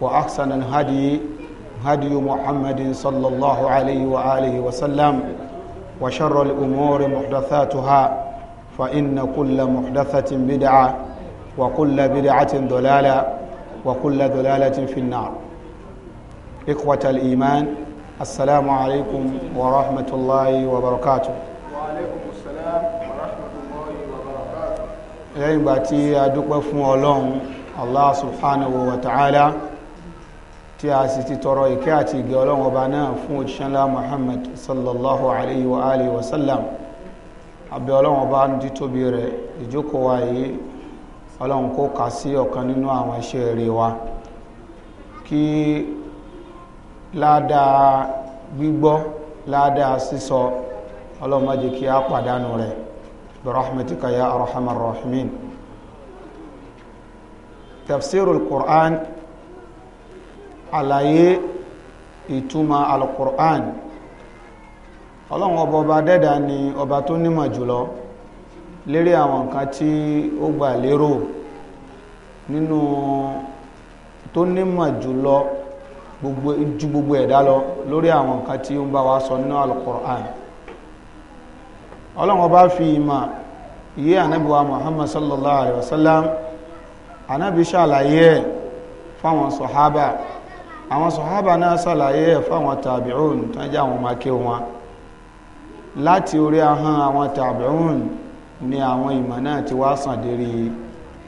وأحسن الهدي هدي محمد صلى الله عليه وآله وسلم وشر الأمور محدثاتها فإن كل محدثة بدعة وكل بدعة ضلالة وكل ضلالة في النار إخوة الإيمان السلام عليكم ورحمة الله وبركاته وعليكم السلام ورحمة الله وبركاته لين باتي أدوك الله سبحانه وتعالى tí a sì ti tọrọ ìkẹ́ àti ìgẹ́ ọlọ́run ọba náà fún òjíṣẹ́lá muhammad sallallahu alayhi wa alihi wa sallam abẹ́ ọlọ́run ọba ní títóbi rẹ̀ ìjókòó wa yìí ọlọ́run kó kà sí ọ̀kan nínú àwọn iṣẹ́ rẹ̀ wa kí ládàá gbígbọ́ ládàá sísọ ọlọ́run má jẹ́ kí a pàdánù rẹ̀ برحمتك يا أرحم الراحمين تفسير القرآن àlàyé ìtumọ̀ alukur'an ọlọ́run ọba ọba dẹ́dà ni ọba tó nímọ̀ jùlọ lérí àwọn nǹkan tí ó gbà lérò nínú tó nímọ̀ jùlọ gbogbo ju gbogbo ẹ̀dá lọ lórí àwọn nǹkan tí ó ń bá wa sọ nínú alukur'an ọlọ́run ọba fi ìmọ̀ yí ànábíwá muhammad sallallahu alaihi wasallam ànábí ṣàlàyé ẹ̀ fáwọn sọ̀hábà àwọn sọ̀hábà náà sàlàyé ẹ̀ fáwọn tàbíùn tán jẹ́ àwọn makẹ́ wọn láti orí ahọ́n àwọn tàbíùn ni àwọn ìmọ̀ náà ti wá sàn dérí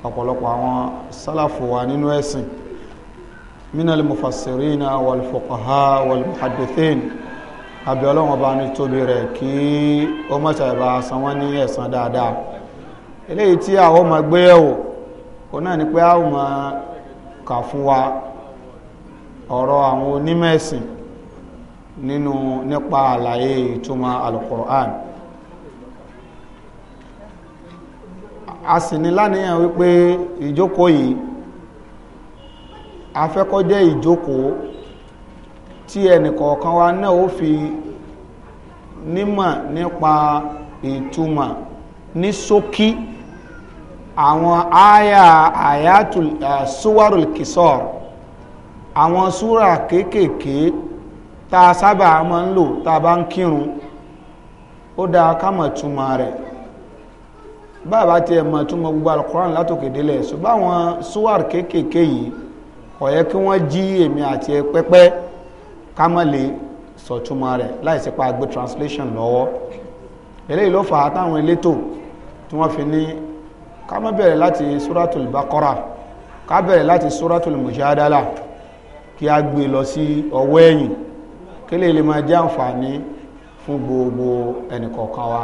ọ̀pọ̀lọpọ̀ àwọn sálàfò wa nínú ẹ̀sìn minal mufassirina wal fuqaha wal muhaddithin àbí ọlọ́wọ́n bá ní tóbi rẹ̀ kí ó mọ́ta ìbá san wọ́n ní ẹ̀san dáadáa eléyìí tí àwọn ọmọ gbé ẹ̀wò kò náà ni pé àwọn ọmọ kà fún wa ọ̀rọ̀ àwọn onímẹ̀sìn nínú nípa àlàyé ìtumọ̀ alukur'an a sì ní láníyàn wípé ìjókòó yìí afẹ́kọ́jẹ́ ìjókòó tí ẹnìkọ̀ọ̀kan wa náà ó fi nímọ̀ nípa ìtumọ̀ ní ṣókí àwọn àyà àyàtùl eh, suwarul kisor àwọn súrà kéékèèké tá a sábà máa ń lò tá a bá ń kírun ó dáa ká mọ̀ túmọ̀ rẹ̀ báàbá ti ẹ̀ mọ̀ túmọ̀ gbogbo alukoran látòkè délẹ̀ ṣùgbọ́n àwọn súrà kéékèèké yìí kò yẹ kí wọ́n jí èmi àti ẹ pẹ́pẹ́ ká mọ̀ lè sọ̀túmọ̀ rẹ̀ láìsí gbé translation lọ́wọ́ eléyìí ló fà á táwọn elétò tí wọ́n fi ní ká bẹ̀rẹ̀ láti súràtùl baqara ká bẹ̀rẹ̀ láti súràtùl mujadala kí a gbé lọ sí ọwọ́ ẹ̀yìn kí lè lè máa jẹ́ àǹfààní fún gbogbo ẹnìkọ̀ọ̀kan wa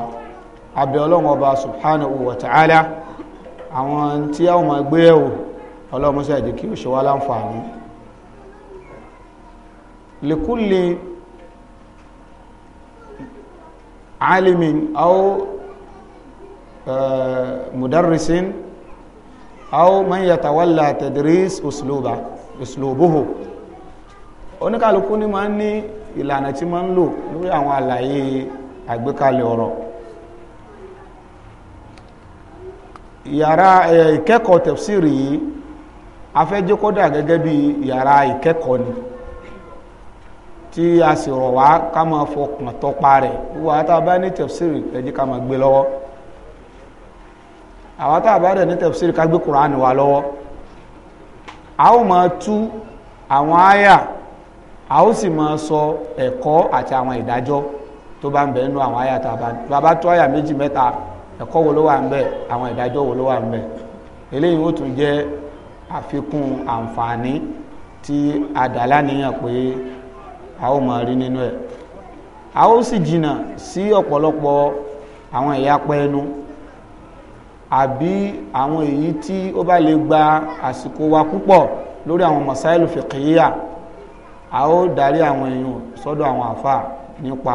abẹ́ ọlọ́run ọba subhanahu wa ta'ala àwọn tí a máa gbé ẹ̀wò ọlọ́run sì àjẹ́ kí ó ṣe wá láǹfààní likulli alimin aw mudarrisin aw man yatawalla tadris usluba uslubuhu oníkàlùkù ní máa ń ní ìlànà tí máa ń lò lórí àwọn àlàyé àgbékalẹ̀ ọ̀rọ̀ yàrá ìkẹ́kọ̀ọ́ tẹ̀fsìrì yìí afẹ́jẹ́ kódà gẹ́gẹ́ bí yàrá ìkẹ́kọ̀ọ́ ni tí a sì rọ̀ wá ká máa fọkàn tọpa rẹ̀ wíwá tá a bá ní tẹ̀fsìrì ẹ̀jẹ̀ ká máa gbé lọ́wọ́ àwọn tá a bá dẹ̀ ní ká gbé kùránì wa lọ́wọ́ a ó máa tú àwọn àyà a ó sì máa sọ ẹ̀kọ́ àti àwọn ìdájọ́ tó bá ń bẹ nínú àwọn àyà tá a bá bàbá tó àyà méjì mẹ́ta ẹ̀kọ́ wo ló wà ń bẹ àwọn ìdájọ́ wo ló wà ń bẹ eléyìí ó tún jẹ́ àfikún àǹfààní tí àdàlá níyàn pé a ó máa rí nínú ẹ̀ a ó sì jìnnà sí ọ̀pọ̀lọpọ̀ àwọn ìyapa ẹnu àbí àwọn èyí tí ó bá lè gba àsìkò wa púpọ̀ lórí àwọn mọ̀sáìlù fìkìyà a ó darí àwọn èèyàn sọ́dọ̀ àwọn àfà nípa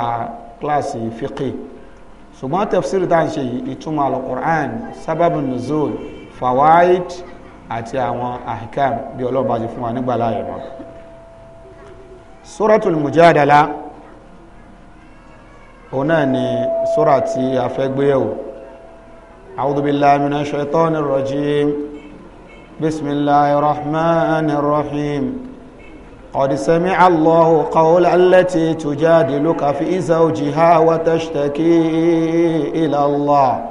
kíláàsì fíkì ṣùgbọ́n tafsir tá à ń ṣe ìtumọ̀ alukur'an sábàbù nuzul fawaid àti àwọn ahikam bí ọlọ́ba ti fún wa nígbà láàyè mọ́ suratul mujadala òun náà ni sura tí a fẹ́ gbé yẹ̀wò rajim bismillahir rahmanir rahim. قد سمع الله قول التي تجادلك في زوجها وتشتكي إلى الله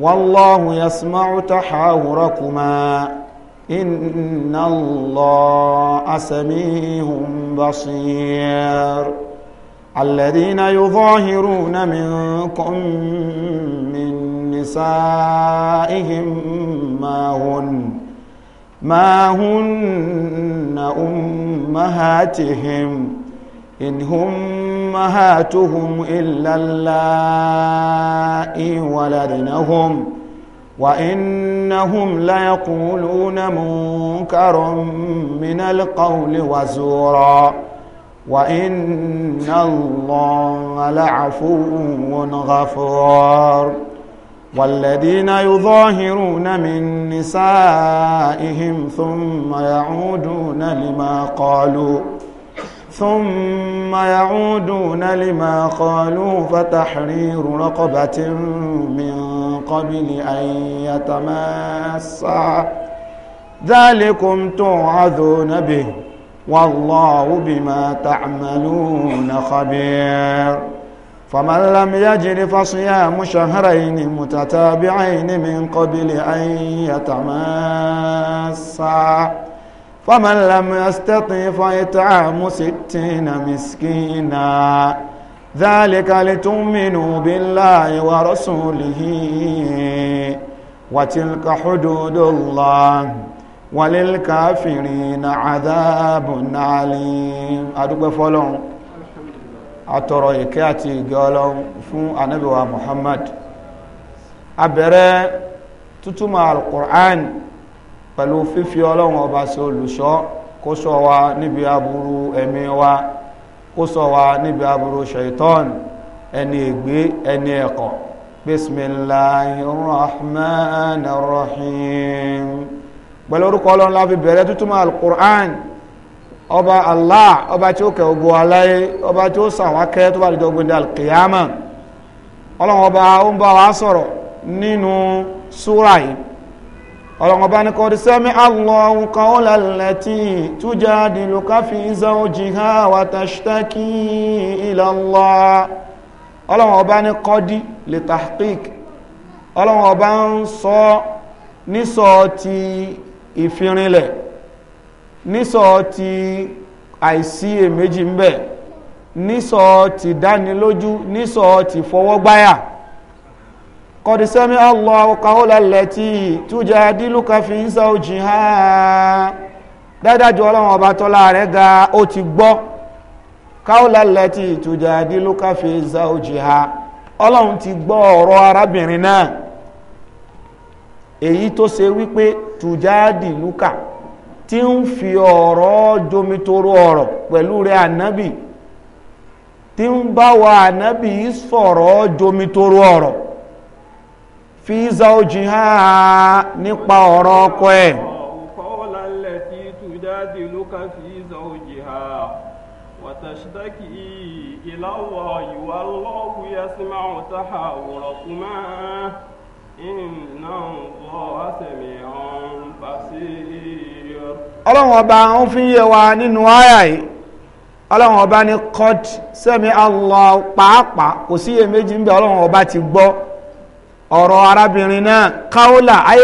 والله يسمع تحاوركما إن الله سميع بصير الذين يظاهرون منكم من نسائهم ما هن ما هن أمهاتهم إن هم أمهاتهم إلا اللائي ولدنهم وإنهم ليقولون منكر من القول وزورا وإن الله لعفو غفور والذين يظاهرون من نسائهم ثم يعودون لما قالوا ثم يعودون لما قالوا فتحرير رقبة من قبل أن يتماسا ذلكم توعظون به والله بما تعملون خبير فمن لم يجد فصيام شهرين متتابعين من قبل أن يتماسا فمن لم يستطع فإطعام ستين مسكينا ذلك لتؤمنوا بالله ورسوله وتلك حدود الله وللكافرين عذاب عليم أدوك فلون àtọ̀rọ̀ ìkẹ́ àti ìgẹ́ ọlọ́run fún ànábì wa Muhammad abẹ̀rẹ̀ tútúmọ̀ al-Qur'an pẹ̀lú fífi ọlọ́run ọba sí olùṣọ́ kó ṣọ́ wa níbi aburú ẹ̀mí wa kó ṣọ́ wa níbi aburú shaitan ẹni ègbé ẹni ẹ̀kọ́ bismillahirrahmanirrahim pẹ̀lú orúkọ ọlọ́run la fi bẹ̀rẹ̀ tútúmọ̀ al ọba allah ọba tí ó kẹ ogun alaye ọba tí ó sàwákẹ́ tó bá dìjọ gbẹ̀dẹ̀ alkiyama ọlọ́wọ́n ọba ó ń bá wa sọ̀rọ̀ nínú súra yìí ọba ní kọ́ di sẹ́mi allahu qawla allati tujadiluka fi zawjiha wa tashtaki ila ọba ọba ń sọ ti nísọ ti àìsí èméjì ń bẹ nísọ ti dánilójú nísọ ti fọwọ́gbáyà kọ̀dísẹ́mi Allahu qawla allati tujadiluka fi zawjiha dájájú ọlọ́run ọba tọ́lá rẹ̀ ga ó ti gbọ́ qawla allati tujadiluka fi zawjiha ọlọ́run ti gbọ́ ọ̀rọ̀ arábìnrin náà èyí tó ṣe wípé tùjáàdì lúkà tí ń fi ọ̀rọ̀ jomitoro ọ̀rọ̀ pẹ̀lú rẹ ànábì tí ń bá wa ànábì sọ̀rọ̀ jomitoro ọ̀rọ̀ fi zawjiha nípa ọ̀rọ̀ ọkọ ẹ̀. qawla allati tujadiluka fi zawjiha wa tashtaki ila ọlọ́run ọba ń fi wa nínú àyà yìí ọlọ́run ọba ní sami Allah pàápàá kò síyè méjì ń bẹ ọlọ́run ọba ti gbọ́ ọ̀rọ̀ arábìnrin náà qawla ay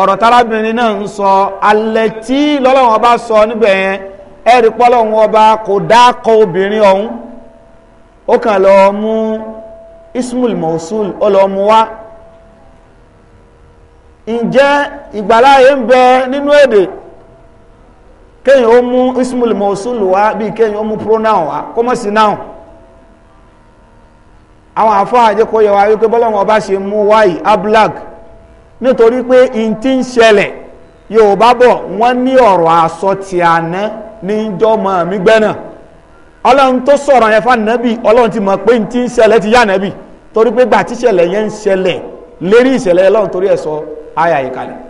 ọ̀rọ̀ tárábìnrin náà ń sọ alẹ́ tí lọ́lọ́run ọba sọ níbẹ̀ yẹn ẹ̀rí pọ́lọ́run ọba kò obìnrin ismul mosul ó ǹjẹ́ ìgbàláyé ń bẹ nínú èdè kéyìn ó mú ismul mausul wá bí kéyìn ó mú pronoun wá kó mọ́ sí noun àwọn àfáà jẹ́ yẹ wá wípé bọ́lọ́wọ́n ọba ṣe mú wáyì ablag nítorí pé in ti ń ṣẹlẹ̀ bọ̀ wọ́n ní ọ̀rọ̀ àsọ ti àná ní jọmọ mi gbẹ́nà ọlọ́run tó sọ̀rọ̀ yẹn fánàbì ọlọ́run ti mọ̀ pé in ti ń ṣẹlẹ̀ ti yá torí àyà yi kalẹ̀.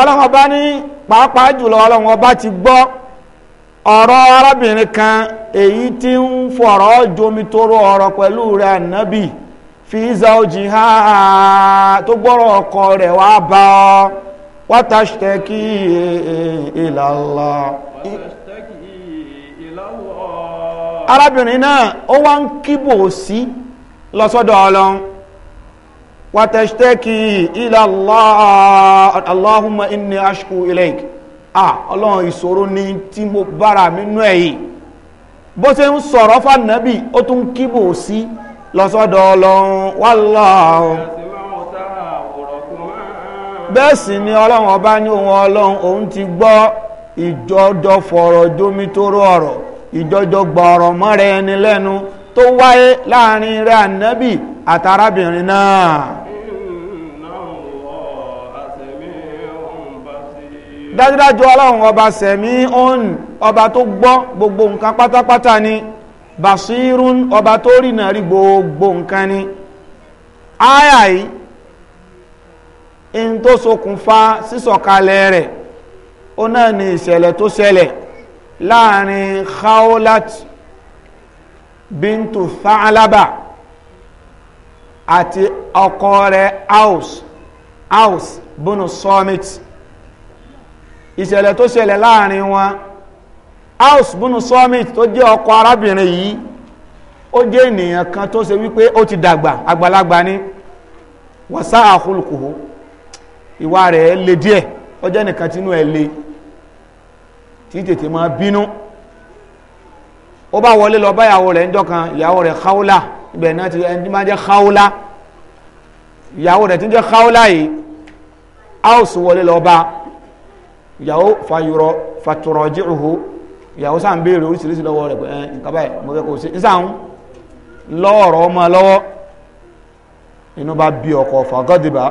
ọlọ́run ní pàápàá jùlọ ọlọ́run bá ti gbọ́ ọ̀rọ̀ arábìnrin kan èyí tí ń fọ̀rọ̀ jomitoro ọ̀rọ̀ pẹ̀lú rẹ̀ ànábì fi zawji ha tó gbọ́rọ̀ ọkọ rẹ̀ wá bá ọ arábìnrin náà ó wá ń kíbò sí lọ́sọ́dọ̀ ọlọ́run wàtẹ̀ṣtẹ́kì ila Allah Allahumma inni ashku ilayk ah ọlọ́run ìṣòro ni tí mo bára mi nú bó ṣe ń sọ̀rọ̀ fànàbì ó tún kíbò sí lọ́sọ́dọ̀ ọlọ́run wallahu bẹ́ẹ̀ sì ni ọlọ́run ọba ní ohun ọlọ́run òun ti gbọ́ ìjọjọ fọ̀rọ̀ jómi ọ̀rọ̀ ìjọjọ gbọ̀ọ̀rọ̀ mọ́ra ẹni lẹ́nu tó wáyé láàrin rẹ̀ ànábì àtàrábìnrin náà dájúdájú ọlọ́run ọba sẹ̀mí òun ọba tó gbọ́ gbogbo nǹkan pátápátá ni basirun ọba tó rìnà rí gbogbo nǹkan ni áyà yìí in tó ṣokùnfà sísọ̀kalẹ̀ rẹ̀ ó náà ni ìṣẹ̀lẹ̀ tó ṣẹlẹ̀ láàrin khawlat bintu Thalaba àti ọkọ rẹ̀ Aus Aus bunu Samit ìṣẹ̀lẹ̀ tó ṣẹlẹ̀ láàrin wọn Aus bunu Samit tó jẹ́ ọkọ arábìnrin yìí ó jẹ́ ènìyàn kan tó ṣe wípé ó ti dàgbà àgbàlagbà ni wàsá àkúlùkùhù ìwà rẹ̀ le díẹ̀ ó jẹ́ nìkan tínú ẹ̀ le tí tètè máa bínú ó bá wọlé lọ báyàwó rẹ̀ ńjọ́ kan ìyàwó rẹ̀ Khawla ibẹ̀ náà ti ẹni máa jẹ́ Khawla ìyàwó rẹ̀ tí ń jẹ́ Khawla yìí áùsù wọlé lọ bá ìyàwó fayọrọ faturọjìrùhù ìyàwó sáà ń béèrè oríṣiríṣi lọ́wọ́ rẹ̀ pé ẹ̀ nǹkan báyìí mo fẹ́ kó o ṣe ń sáà ń lọ́ọ̀rọ̀ ọmọ lọ́wọ́ inú bá bí ọkọ fagọ́dìbà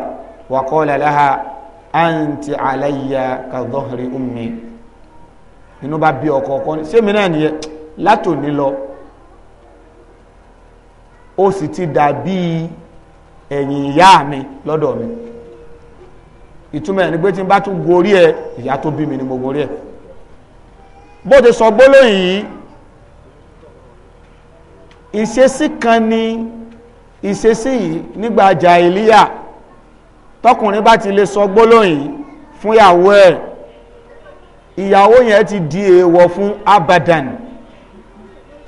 wà kọ́ lẹ́lẹ́ha àǹtí àlàyé kàdọ́hìrì ummi inú bá bí ọkọ ọkọ ṣé mi náà nìyẹn látòní lọ ó sì ti dàbí ẹ̀yìn ìyá mi lọ́dọ̀ mi ìtumọ̀ ẹ̀ ni pé tí n bá tún gorí ẹ ìyá tó bí mi ni mo gorí ẹ bó ti sọ gbólóhùn yìí ìṣesí kan ni ìṣesí yìí nígbà jàìlíyà tọkùnrin bá ti lè sọ gbólóhùn fún ìyàwó ẹ̀ ìyàwó yẹn ti di èèwọ̀ fún abadan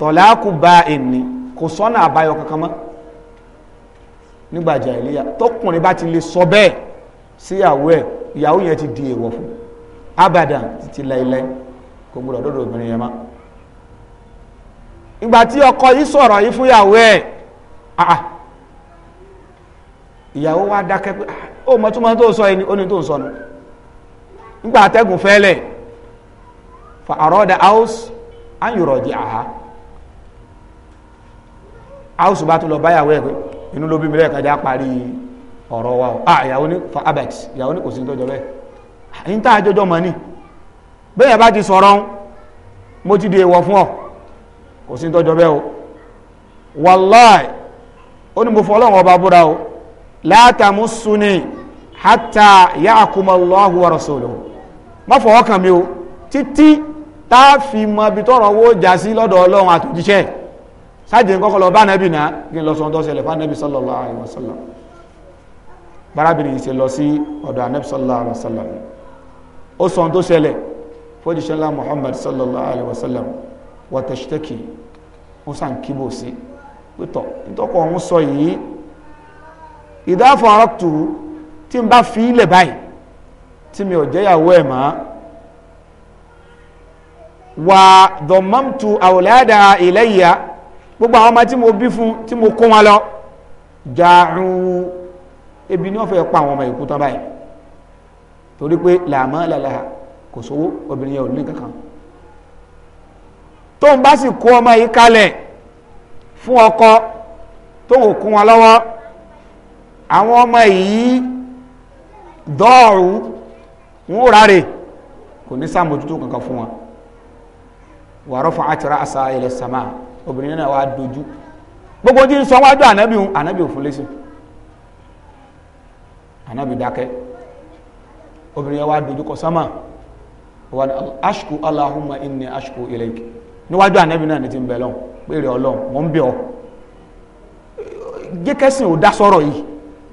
tọ̀láàkù bá ẹni kò sọ́nà àbáyọ kankan mọ́ nígbà jàìlíyà tọkùnrin bá ti lè sọ bẹ́ẹ̀ síyàwó ẹ̀ ìyàwó yẹn ti di èèwọ̀ fún abadan títí láìláì kò gbọdọ̀ dọ́dọ̀ obìnrin yẹn má tí ọkọ yìí sọ̀rọ̀ yìí fún ìyàwó ẹ̀ ìyàwó wa dákẹ́ pé ah, ó mọ tó mọ tó sọ ẹni ó ní tó ń áùsù bá tún lọ báyàwó ẹ̀ pé inú ló bí mi lẹ́ẹ̀kan já parí ọ̀rọ̀ wa o ah ìyàwó ní fa abet ìyàwó ní kò sí tọ́jọ́ bẹ́ẹ̀ àyín ah, tá àjọjọ́ mọ̀ ni bẹ́ẹ̀ bá ti sọ̀rọ̀ mo ti di èèwọ̀ fún ọ kò sí tọ́jọ́ bẹ́ẹ̀ o wàláì ó ní mo fọ́ ọlọ́run ọba búra o látàmú sunni hátà yá àkúmọ̀lọ́hùn wa rasuluhu má fọwọ́ kàn mí o títí tá a fi mọ ibi tọ́rọ̀ owó jà sí lọ́dọ̀ ọlọ́run àtòjíṣẹ́ sáàjì ń kọ́kọ́ lọ bá nẹ́bì náà kí n lọ sọ́n tó ṣẹlẹ̀ fún anẹ́bì sallallahu alaihi wasallam bárábìnrin yìí ṣe lọ sí ọ̀dọ̀ anẹ́bì sallallahu alaihi wasallam ó sọ́n tó ṣẹlẹ̀ fójíṣẹ́lá Muhammad sallallahu alaihi wasallam wa tashtaki ó sàn kíbò sí pítọ̀ ìtọ́kọ̀ ọ̀hún sọ yìí ìdáfọ̀ arákùtù ilayya gbogbo àwọn ọmọ tí mo bí fún tí mo kó wọn lọ jàrún ebi ni wọ́n fẹ́ pa àwọn ọmọ ìkú tán báyìí torí pé làmọ́ làlàhà kò sówó obìnrin yẹn ò ní kankan tóun bá sì kó ọmọ yìí kalẹ̀ fún ọkọ tóun kún wọn lọ́wọ́ àwọn ọmọ yìí dọ́ọ̀rù wọn ò kò ní sàmójútó kankan fún wọn wàrọ̀ fún àtìrá àṣà ilẹ̀ sàmáà obìnrin náà wá dojú gbogbo tí ń sọ wájú ànábì òun ànábì òfin lẹ́sìn ànábì dákẹ́ obìnrin yẹn wá dojú kọ sánmà wọn ashku allahumma inni ashku ilayk níwájú ànábì náà ní ti ń bẹ lọ́n pèrè ọlọ́n mò ń bẹ̀ ọ́ jẹ́kẹ́sìn ò dá sọ̀rọ̀ yìí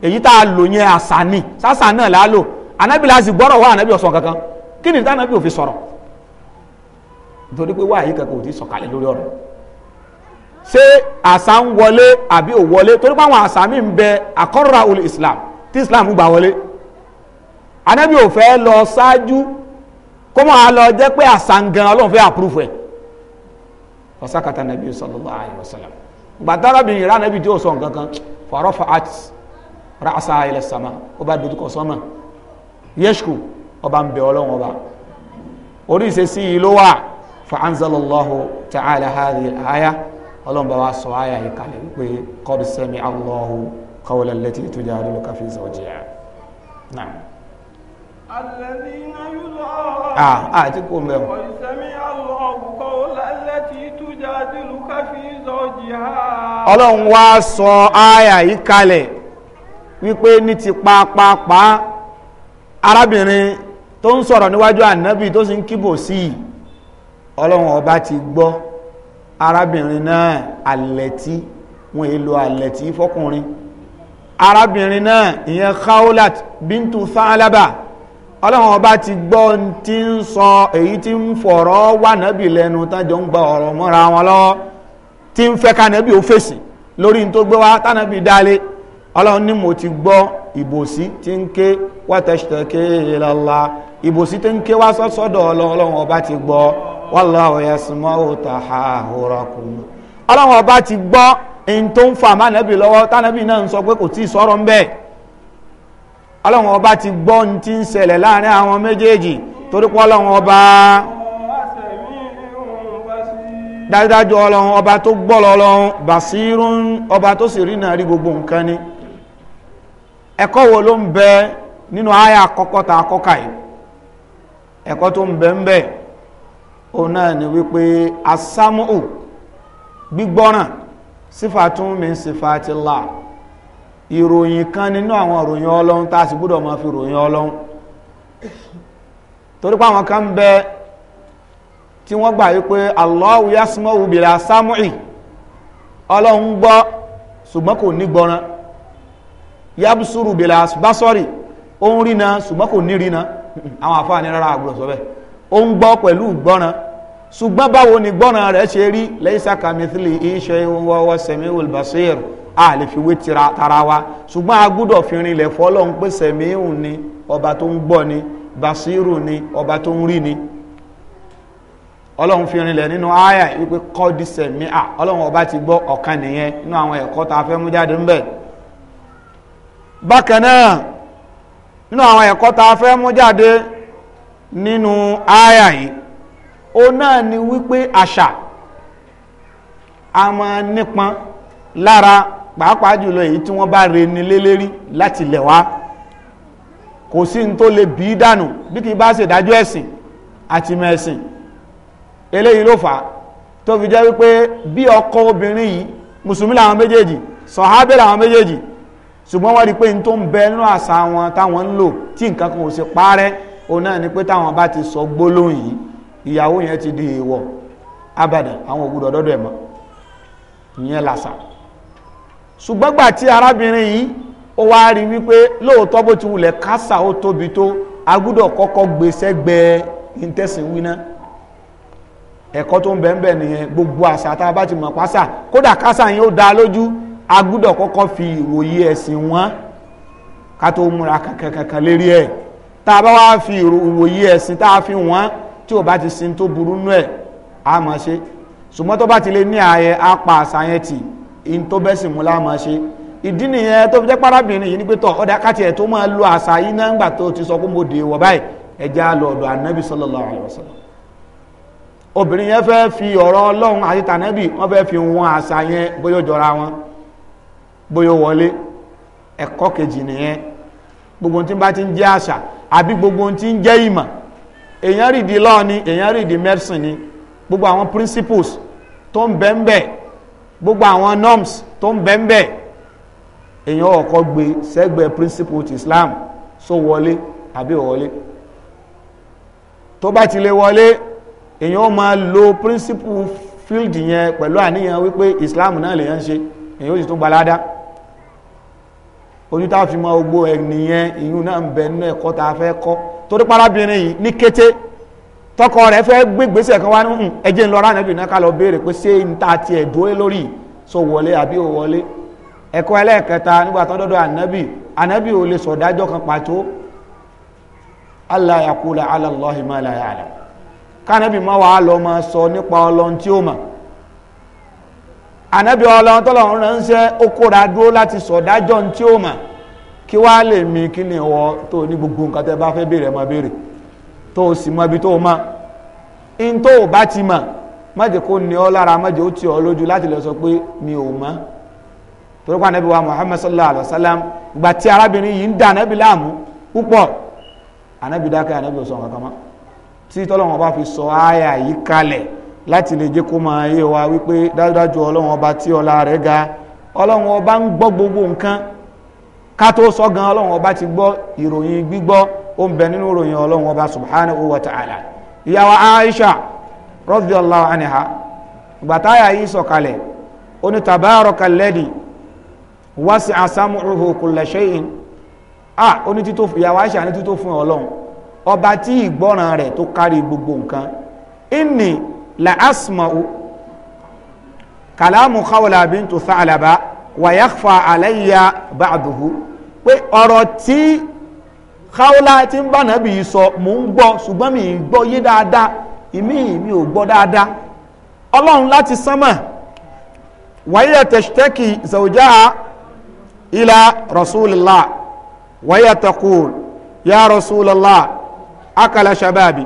èyí tá a lò yẹn àṣà ni sásà náà là á lò ànábì láti gbọ́rọ̀ wá ànábì ọ̀sán kankan kí ni tánábì òfin sọ̀rọ̀ nítorí pé wáyé kankan ò ti sọ̀kalẹ̀ lórí ọ̀rọ̀ ṣé àṣà ń wọlé àbí ò wọlé torí pàwọn àṣà mi ń bẹ àkọ́rọ̀ra olè islam tí islam gbà wọlé anábì ò fẹ́ lọ ṣáájú kó máa lọ jẹ́ pé àṣà ń gan ọlọ́run fẹ́ àpúrúfù ẹ̀ ọ̀sákàtà nàbí sallallahu alaihi wasallam gbàtàràbìnrin ìrà nàbí tí ó sọ nǹkan kan farafa at ra'sa ila sama ó bá dojúkọ sọ́mà yẹ́ṣkù ọba ń bẹ ọlọ́run ọba orí ìṣesí yìí ló wà fa anzalallahu ta'ala hadhihi ọlọ́run bá wa sọ àyà yìí kalẹ̀ wípé kọ́ọ̀dù sẹ́mi Allahu qawla allati tujadiluka fi zawjiha náà. alladhina yud'a. a a ah, ah, ti kó mẹ́ o. kọ́ọ̀dù sẹ́mi Allahu qawla allati tujadiluka fi zawjiha. ọlọ́run wá sọ àyà yìí wípé ní ti pàápàá arábìnrin tó ń sọ̀rọ̀ níwájú ànábì tó sì ń kíbò sí ọlọ́run ọba ti gbọ́ arábìnrin náà alẹ́tí wọn èlò alẹ́tí fọ́kùnrin arábìnrin náà ìyẹn khaulat bintu thalaba ọlọ́run ọba ti gbọ́ tí ń sọ èyí tí ń fọ̀rọ̀ wà nábì lẹ́nu tájọ ń gba ọ̀rọ̀ mọ́ra wọn lọ́wọ́ tí ń fẹ́ ká nábì ó fèsì lórí tó gbé wá tánábì dálé ọlọ́run ní mo ti gbọ́ ìbòsí tí ń ké wá tẹ̀sítẹ̀ ké lọ́la ìbòsí tí ń ké wá sọ́sọ́dọ̀ ọlọ́run ọba ti gbọ́ wallahu yasma'u tahawurakum ọlọ́run ọba ti gbọ́ in tó ń fa mánàbí lọ́wọ́ tánàbí náà ń sọ pé kò tí ì sọ̀rọ̀ ń bẹ́ẹ̀ ọlọ́run ọba ti gbọ́ ní ti ń ṣẹlẹ̀ láàrin àwọn méjèèjì torí pé ọlọ́run ọba dájúdájú ọlọ́run ọba tó gbọ́ gbogbo nǹkan ni wo ló ń bẹ nínú àyà ta àkọ́kà yìí ẹ̀kọ́ tó ń bẹ ń òun náà ni wípé asámúhù gbígbọ́ràn sífàtún min ìròyìn kan nínú àwọn ìròyìn ọlọ́run tá a sì máa fi ròyìn ọlọ́run torí pé àwọn kan ń bẹ tí wọ́n gbà wípé Allahu yasmau bila sámúhì ọlọ́run gbọ́ ṣùgbọ́n kò ní gbọ́ràn yabsuru bila ó ń rí na ṣùgbọ́n kò ní rí na àwọn àfáà ó ń gbọ́ pẹ̀lú gbọ́ràn ṣùgbọ́n báwo ni gbọ́ràn rẹ̀ ṣe rí laysa kamithlihi shay'un wa huwa samiul basir a lè fi wé tara wa ṣùgbọ́n a gbọ́dọ̀ fi rinlẹ̀ fọ́lọ́hún pé sẹ̀míhùn ni ọba tó ń gbọ́ ni basiru ni ọba tó ń rí ni ọlọ́run fi rinlẹ̀ nínú àyà wípé kọ́dí sẹ̀mí à ọlọ́run ọba ti gbọ́ ọ̀kan nìyẹn nínú àwọn ẹ̀kọ́ tá a fẹ́ mú jáde ńbẹ̀ bákan náà nínú àwọn ẹ̀kọ́ tá a fẹ́ mú jáde nínú àyà yìí ó náà ni wípé àṣà a máa nípọn lára pàápàá jùlọ èyí tí wọ́n bá re ni lélẹ́rí láti lẹ̀ wá kò sí ní tó lè bí dànù bí kì í bá ṣèdájọ́ ẹ̀sìn àti mẹ́sìn eléyìí ló fà á tó fi jẹ́ wípé bí ọkọ obìnrin yìí mùsùlùmí làwọn méjèèjì sọ̀hábẹ́ làwọn méjèèjì ṣùgbọ́n wọ́n rí pé n tó ń bẹ nínú àṣà wọn táwọn ń lò tí nǹkan kan ò ṣe parẹ́ òun náà ni pé táwọn bá ti sọ gbólóhùn yìí ìyàwó yẹn ti di èèwọ̀ abadan àwọn ògùdọ̀ dọ́dọ̀ ẹ̀ mọ́ ìyẹn làṣà ṣùgbọ́n gbà tí arábìnrin yìí ó wá rí wípé lóòótọ́ bó ti wulẹ̀ kásà ó tóbi tó agúdọ̀ kọ́kọ́ gbèsè gbẹ intestine wíná ẹ̀kọ́ tó ń bẹ̀ ń bẹ̀ nìyẹn gbogbo àṣà tá a bá ti mọ̀ pásà kódà kásà yìí ó dá lójú agúdọ̀ kọ́kọ́ fi ìròyìn ẹ̀sìn wọn ká tó múra kankan lérí ẹ̀ tá a bá wá fi ìwòye ẹ̀sìn tá a fi wọ́n tí ò bá ti sin tó burú nú ẹ̀ á máa ṣe ṣùgbọ́n tó bá ti lè ní ààyè apá àṣàyàn tì in tó bẹ́ sì mú la máa ṣe ìdí nìyẹn tó fi jẹ́ párábìnrin yìí ní pé tọ̀ ọ̀dà káti ẹ̀ tó máa lo àṣà yìí náà ńgbà tó ti sọ pé mo dè wọ̀ báyìí ẹja lọ ọ̀dọ̀ ànábì sallallahu alaihi wasallam obìnrin yẹn fẹ́ fi ọ̀rọ̀ ọlọ́run àti tànábì wọ́n fẹ́ fi wọn àṣà yẹn bóyá jọra wọn bóyá wọlé ẹ̀kọ́ kejì nìyẹn gbogbo tí bá ti ń jẹ́ àṣà àbí gbogbo ohun tí ń jẹ́ ìmọ̀ èèyàn rí di law ni èèyàn rí di medicine ni gbogbo àwọn principles tó ń bẹ ń bẹ gbogbo àwọn norms tó ń bẹ ń bẹ èèyàn ọkọ gbé sẹ́gbẹ̀ẹ́ principle ti Islam so wọlé àbí wọlé tó bá ti lè wọlé èèyàn ó máa lo principle field yẹn pẹ̀lú àníyàn wípé Islam náà lèyàn ń ṣe èèyàn ó sì tún gbalada ojú tá a fi mọ ogbó ẹnìyẹn ìyún náà ń bẹ nínú ẹ̀kọ́ tá a fẹ́ kọ́ torí parábìnrin yìí ní kété tọkọ rẹ̀ fẹ́ gbégbèsè kan wá ní hmm, ẹjẹ ńlọ rà nàbì náà ká lọ béèrè pé ṣé n ta dúró lórí so wọlé àbí ò wọlé nígbà tó ànábì ànábì ò lè kan pàtó ala lọ máa sọ ànábì ọlọ́run tọ́lọ́run ránṣẹ́ ó kóra dúró láti sọ̀dájọ́ tí ó mà kí wá lè mi kí ni ìwọ tó ní gbogbo nǹkan tẹ́ bá fẹ́ béèrè máa béèrè tó o sì mọ ibi tó o in tó o bá ti sọ pé mi ò torí wa sallallahu alayhi wa sallam ìgbà tí arábìnrin yìí ń ànábì láàmú púpọ̀ ànábì dákẹ́ ànábì ò láti lè jẹ́ kó máa yé wa wípé dájúdájú ọlọ́run ọba tí ọlá rẹ̀ ga ọlọ́run ọba ń gbọ́ gbogbo nǹkan ká tó sọ gan ọlọ́run ọba ti gbọ́ ìròyìn gbígbọ́ ó ń bẹ nínú ìròyìn ọlọ́run ọba subhanahu wa ta'ala ìyá wa aisha radiyallahu anha gbàtáyà yìí sọ̀kalẹ̀ ó ní tabaraka alladhi wasi'a sam'uhu kulla shay'in à ó ní tító ìyá wa aisha ní tító fún ọlọ́run ọba tí ìgbọ́ràn rẹ̀ tó kárí gbogbo nǹkan inni la asma'u kàlámù khawla bintu tha'laba wa yakhfa alayya ba'duhu pé ọ̀rọ̀ tí khawla ti ń bá nàbì yìí sọ mò ń gbọ́ ṣùgbọ́n mi ì gbọ́ yé dáadáa ìmí mi ò gbọ́ dáadáa ọlọ́run láti sánmà wàyíyà tẹ̀sítẹ́kì zàwùjá ilà rasulillah wàyíyà taqul ya rasulillah akala shababi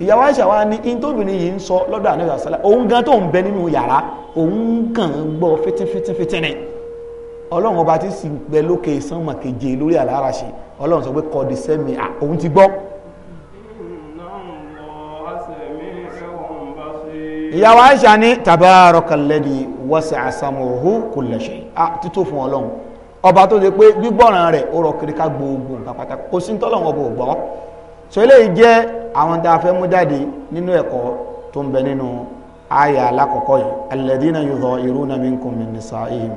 ìyàwó àṣà wa ni in tóbìnrin yìí ń sọ lọ́dọ̀ àníwá sálá òun gan tó ń bẹ nínú yàrá òun kàn ń gbọ́ fitinfitinfitin ni ọlọ́run ọba ti sì bẹ lókè sánmà keje lórí àlàárà ṣe ọlọ́run sọ pé kọ́ọ̀dì sẹ́mi òun ti gbọ́. ìyàwó àṣà ni tabaarakalladhi wasi'a sam'ahu kulla shay títò fún ọlọ́run ọba tó ṣe pé gbígbọ́ràn rẹ̀ ó rọ kiri ká gbogbo nǹkan kò sí ní tọ́lọ́run ọba ò gbọ́ so eléyìí jẹ́ àwọn tá a fẹ́ mú jáde nínú ẹ̀kọ́ tó ń bẹ nínú àyà alákọ̀ọ́kọ́ yìí alladhina yudhahiruna minkum min nisa'ihim.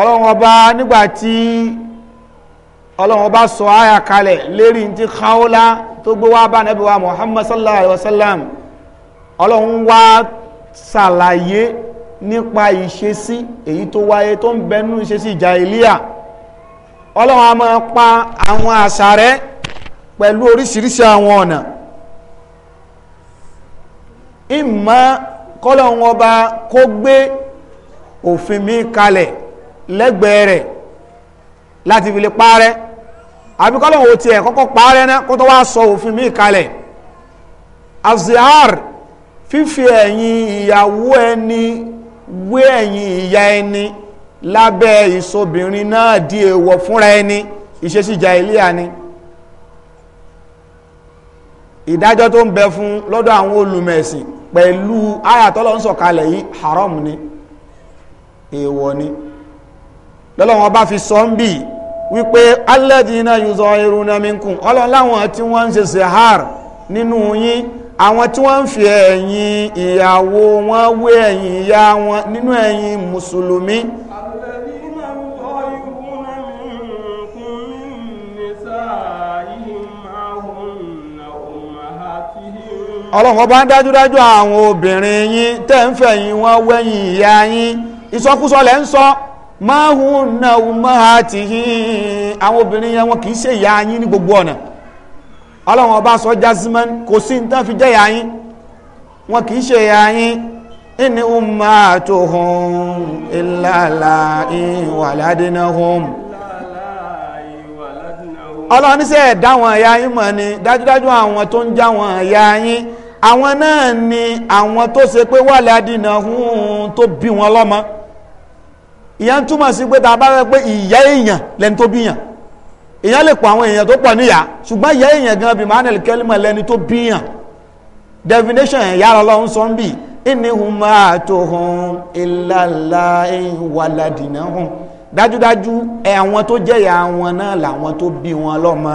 ọlọ́run ọba nígbà tí ọlọ́run ọba sọ àyà kalẹ̀ lérí ti káwọ́lá tó gbé wá bá nàbí wa muhammad sallallahu alayhi wa sallam ọlọ́run wá ṣàlàyé nípa ìṣesí èyí tó wáyé tó ń bẹnú ìṣesí jàhílíyà ọlọ́run a máa pa àwọn àṣà rẹ pẹ̀lú oríṣiríṣi àwọn ọ̀nà ìmọ̀ kọ́lọ́run ọba kó gbé òfin mi kalẹ̀ lẹ́gbẹ̀ẹ́ rẹ̀ láti fi lè parẹ́ àbí kọ́lọ́hún ò tiẹ̀ kọ́kọ́ parẹ́ náà kó tó wá sọ òfin míì kalẹ̀ azihar fífi ẹ̀yìn ìyàwó ẹni wé ẹ̀yìn ìyá ẹni lábẹ́ ìsobìnrin náà di èèwọ̀ fúnra ẹni ìṣesíjà ìlíà ni ìdájọ́ tó ń bẹ fún lọ́dọ̀ àwọn olùmẹ̀sìn pẹ̀lú ayatollah ń sọ̀kalẹ̀ yìí haram ni èèwọ̀ ni. E lọ́lọ́wọ́n bá fi sọ ń bì wípé alladhina yuzahiruna minkum ọlọ́run láwọn tí wọ́n ń ṣe sehar nínú yín àwọn tí wọ́n ń fi ẹ̀yìn ìyàwó wọn wé ẹ̀yìn ìyá wọn nínú ẹ̀yìn mùsùlùmí ọlọ́run bá ń dájúdájú àwọn obìnrin yín tẹ́ ń fẹ̀yìn wọn wẹ́yìn ìyá yín ìsọkúsọ lẹ́ ń sọ máa hùn náà máa ti hìn àwọn obìnrin yẹn wọn kìí ṣe ìyá yín ní gbogbo ọ̀nà ọlọ́run ọba sọ jásímán kò sí ní fi jẹ́ ìyá yín wọn kìí ṣe ìyá yín inni ummatuhum ìlàlà ìwàládínàhùn ọlọ́run níṣẹ́ ẹ̀dá wọn ìyá yín mọ̀ ni dájúdájú àwọn tó ń já wọn ìyá yín àwọn náà ni àwọn tó ṣe pé wàládínàhùn tó bí wọn lọ́mọ ìyẹn túmọ̀ sí pé tá a bá rẹ pé ìyá èèyàn lẹni tó bíyàn èèyàn lè pọ̀ àwọn èèyàn tó pọ̀ níyà ṣùgbọ́n ìyá èèyàn gan bí manuel kelman lẹni tó bíyàn definition ẹ̀ yára sọ ń bì ìní huma tó hun ìlàlá ìwàládìnà hun dájúdájú ẹ̀wọ̀n tó jẹ́yà wọn náà làwọn tó bí wọn lọ́mọ.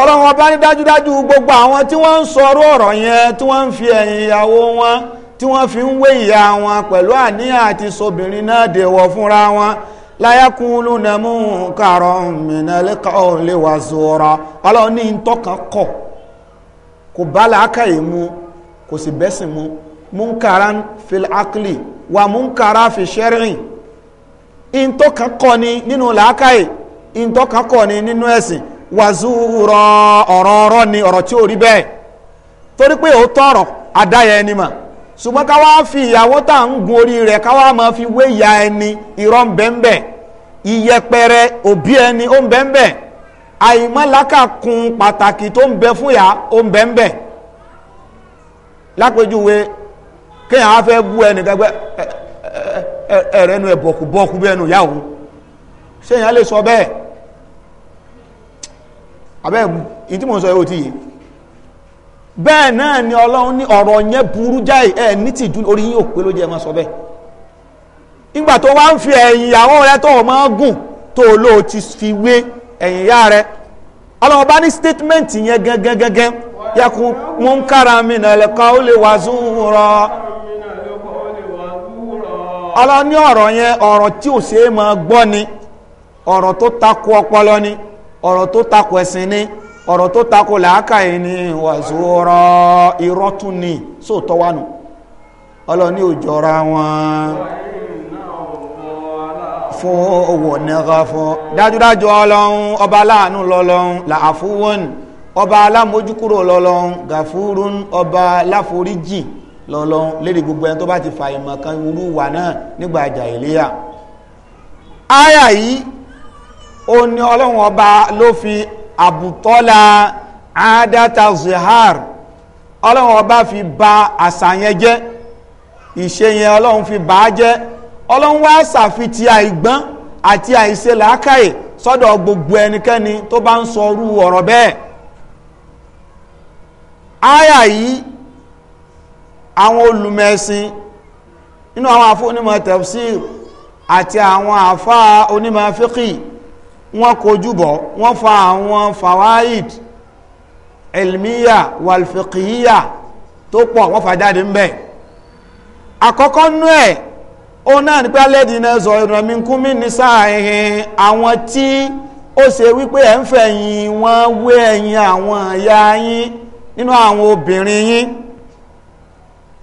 ọlọ́run ọba ní dájúdájú gbogbo àwọn tí wọ́n ń sọrú ọ̀rọ̀ yẹn tí wọ́n ń fi ẹ̀yìn ìyàwó wọn tí wọ́n fi ń wé ìyá wọn pẹ̀lú àníyàn àti sobìnrin náà dèwọ̀ fúnra wọn láyákúlù nàmú kàrọ̀ mìnàlẹ́kọ̀ lè wà ọlọ́run ní tọ́kàn kọ̀ kò bá làákàyè mu kò sì bẹ́sìn mu múnkàrá filákìlì wà múnkàrá fi ṣẹ́rìn ìtọ́kàn kọ́ ni nínú làákàyè ìtọ́kàn kọ́ ni nínú ẹ̀sìn wàzúrọ̀ ọ̀rọ̀ ọ̀rọ̀ ni ọ̀rọ̀ tí ò rí bẹ́ẹ̀ torí pé ó tọ̀rọ̀ adáyẹ ẹni mà ṣùgbọ́n ká wá fi ìyàwó tá à ń gun orí fi weya eni ẹni irọ́ ń bẹ́ńbẹ́ ìyẹpẹrẹ òbí ẹni ó ń bẹ́ńbẹ́ àìmọ́láka kun pàtàkì tó ń bẹ fún ìyá ó ń bẹ́ńbẹ́ lápèjúwe kéèyàn á fẹ́ bú ẹ abẹ́ẹ̀mú ìtí mò ń sọ yóò ti yìí bẹ́ẹ̀ náà ni ọlọ́run ní ọ̀rọ̀ yẹn burú jáì ẹ̀ ní tìjú orí yóò pé ló jẹ́ máa sọ bẹ́ẹ̀ nígbà tó wá ń fi ẹ̀yìn ìyàwó rẹ tó o gùn tó o lò ó ti fi wé ẹ̀yìn ìyá rẹ ọlọ́run bá ní statement yẹn gẹ́gẹ́gẹ́gẹ́ yẹkun munkara mina mi wa zuhura ọlọ́run ní ọ̀rọ̀ yẹn ọ̀rọ̀ ọ̀rọ̀ yẹn takò ọ̀rọ̀ tó takò ẹ̀sìn ni ọ̀rọ̀ tó takò làákàyè ni wàzúrọ̀ irọ́ tún ni sóòtọ́ wánu ọlọ́ni òjọra wọn fún owó nẹ́gà fún dájúdájú ọlọ́run ọba aláàánú lọ́lọ́run làáfúwọ́n ọba alámójúkúrò lọ́lọ́run gàfúrún ọba aláforíjì lọ́lọ́run lérí gbogbo ẹni tó bá ti fàyèmọ̀ kan irú wà náà nígbà àjà ìléyà áyà yìí ó ní ọlọ́run ọba ló fi àbùtọ́lá àádáta zihar ọlọ́run ọba fi ba àṣà yẹn jẹ́ ìṣe yẹn ọlọ́run fi bà á jẹ́ ọlọ́run wá ṣàfitì àìgbọ́n àti àìṣe làákàyè sọ́dọ̀ gbogbo ẹnikẹ́ni tó bá ń sọ orú ọ̀rọ̀ bẹ́ẹ̀ áyà yìí àwọn olùmẹ̀sìn nínú àwọn àfọ onímọ̀ tafsir àti àwọn àfáà onímọ̀ fíkì wọ́n kojú bọ̀ wọ́n fa àwọn fawaid elmiya walfiqiya tó pọ̀ wọ́n fa jáde ń bẹ̀ àkọ́kọ́ nú ẹ̀ ó náà ní pé alẹ́dìnà sọ ìrànmínkúnmí ní sáà ẹ̀hìn àwọn tí ó ṣe wípé ẹ̀ ń fẹ̀yìn wọ́n wé ẹ̀yìn àwọn ìyá yín nínú àwọn obìnrin yín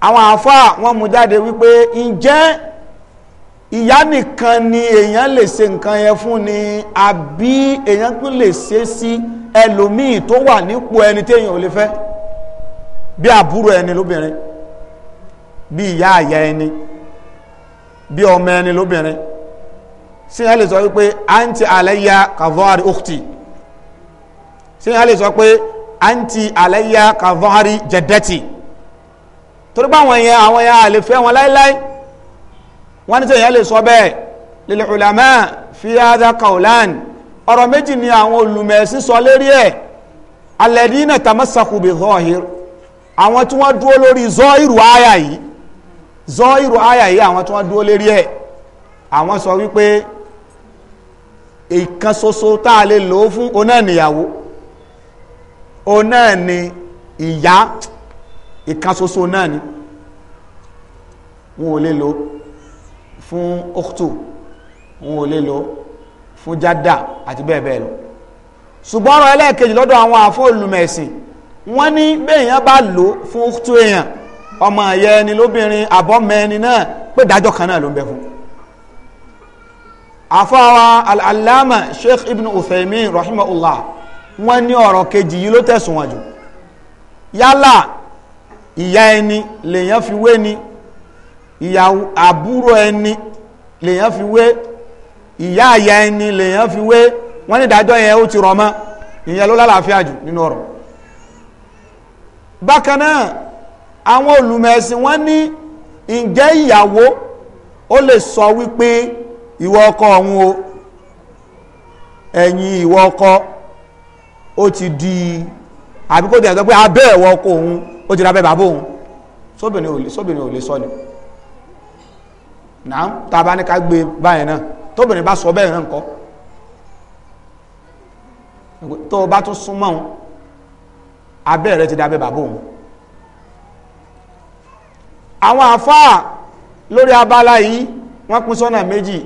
àwọn àfáà wọ́n mú jáde wípé ǹjẹ́ ìyá nìkan ni èèyàn lè ṣe nǹkan yẹn fún ni àbí èèyàn tún lè ṣe sí ẹlòmíì tó wà nípò ẹni téèyàn ò lè fẹ́ bí àbúrò ẹni lóbìnrin bí ìyá àyà ẹni bí ọmọ ẹni lóbìnrin sí lè sọ wípé àǹtí àlẹ́yà kàvọ́rì òkùtì sí lè sọ pé àǹtí àlẹ́yà kàvọ́rì jẹ̀dẹ́tì torí báwọn yẹn àwọn yẹn àlè fẹ́ wọn láíláí wọ́n ní sẹ́yìn lè sọ bẹ́ẹ̀ lil ulama fi hadha qawlan ọ̀rọ̀ méjì ni àwọn olùmẹ̀sí sọ lérí ẹ̀ alladina tamassaku bi zahir àwọn tí wọ́n dúró lórí zọ́ìrù àyà yìí zọ́ìrù àyà yìí àwọn tí wọ́n dúró lérí ẹ̀ àwọn sọ wípé ìkan ṣoṣo tá a lè lò ó fún oná níyàwó oná ni ìyá ìkan ṣoṣo náà ni wọn ò lè lò ó fún oktu wọn ò lè lò fún jada àti bẹ́ẹ̀ bẹ́ẹ̀ lọ ṣùgbọ́n ọ̀rọ̀ ẹlẹ́ẹ̀kejì lọ́dọ̀ àwọn àfọ́ọ̀lùmẹ̀sìn wọ́n ní béèyàn bá lò fún oktu èèyàn ọmọ ẹ̀yẹ ẹni lóbìnrin àbọ̀mẹ́ni náà pé dájọ́ kan náà ló ń bẹ fún àfọ́wà al'alama sheikh ibn uthaymin rahimahullah wọ́n ní ọ̀rọ̀ kejì yìí ló tẹ̀sùn wọn jù yálà ìyá ẹni lèyàn fi wé ni ìyàwó àbúrò ẹni lèyàn fi wé ìyá àyà ẹni lèyàn fi wé wọ́n ní ìdájọ́ yẹn ó ti rọ̀ mọ́ ìyẹn ló lálàáfíà jù nínú ọ̀rọ̀ bákan náà àwọn olùmẹ̀sìn wọ́n ní ǹjẹ́ ìyàwó ó lè sọ wípé ìwọ ọkọ ọ̀hún o ẹ̀yìn ìwọ ọkọ ó ti di àbíkó tẹ̀sán pé abẹ́ ẹ̀wọ ọkọ òun ó ti rábẹ́ bàbá òun sóbìnrin ò lè sọ ni. So náà tá a bá ní ká gbé báyìí náà tóbìnrin bá sọ bẹ́ẹ̀ náà nǹkan tó o bá tún súnmọ́ abẹ́ rẹ ti dábẹ́ bàbá òun àwọn àfáà lórí abala yìí wọ́n pín sọ́nà méjì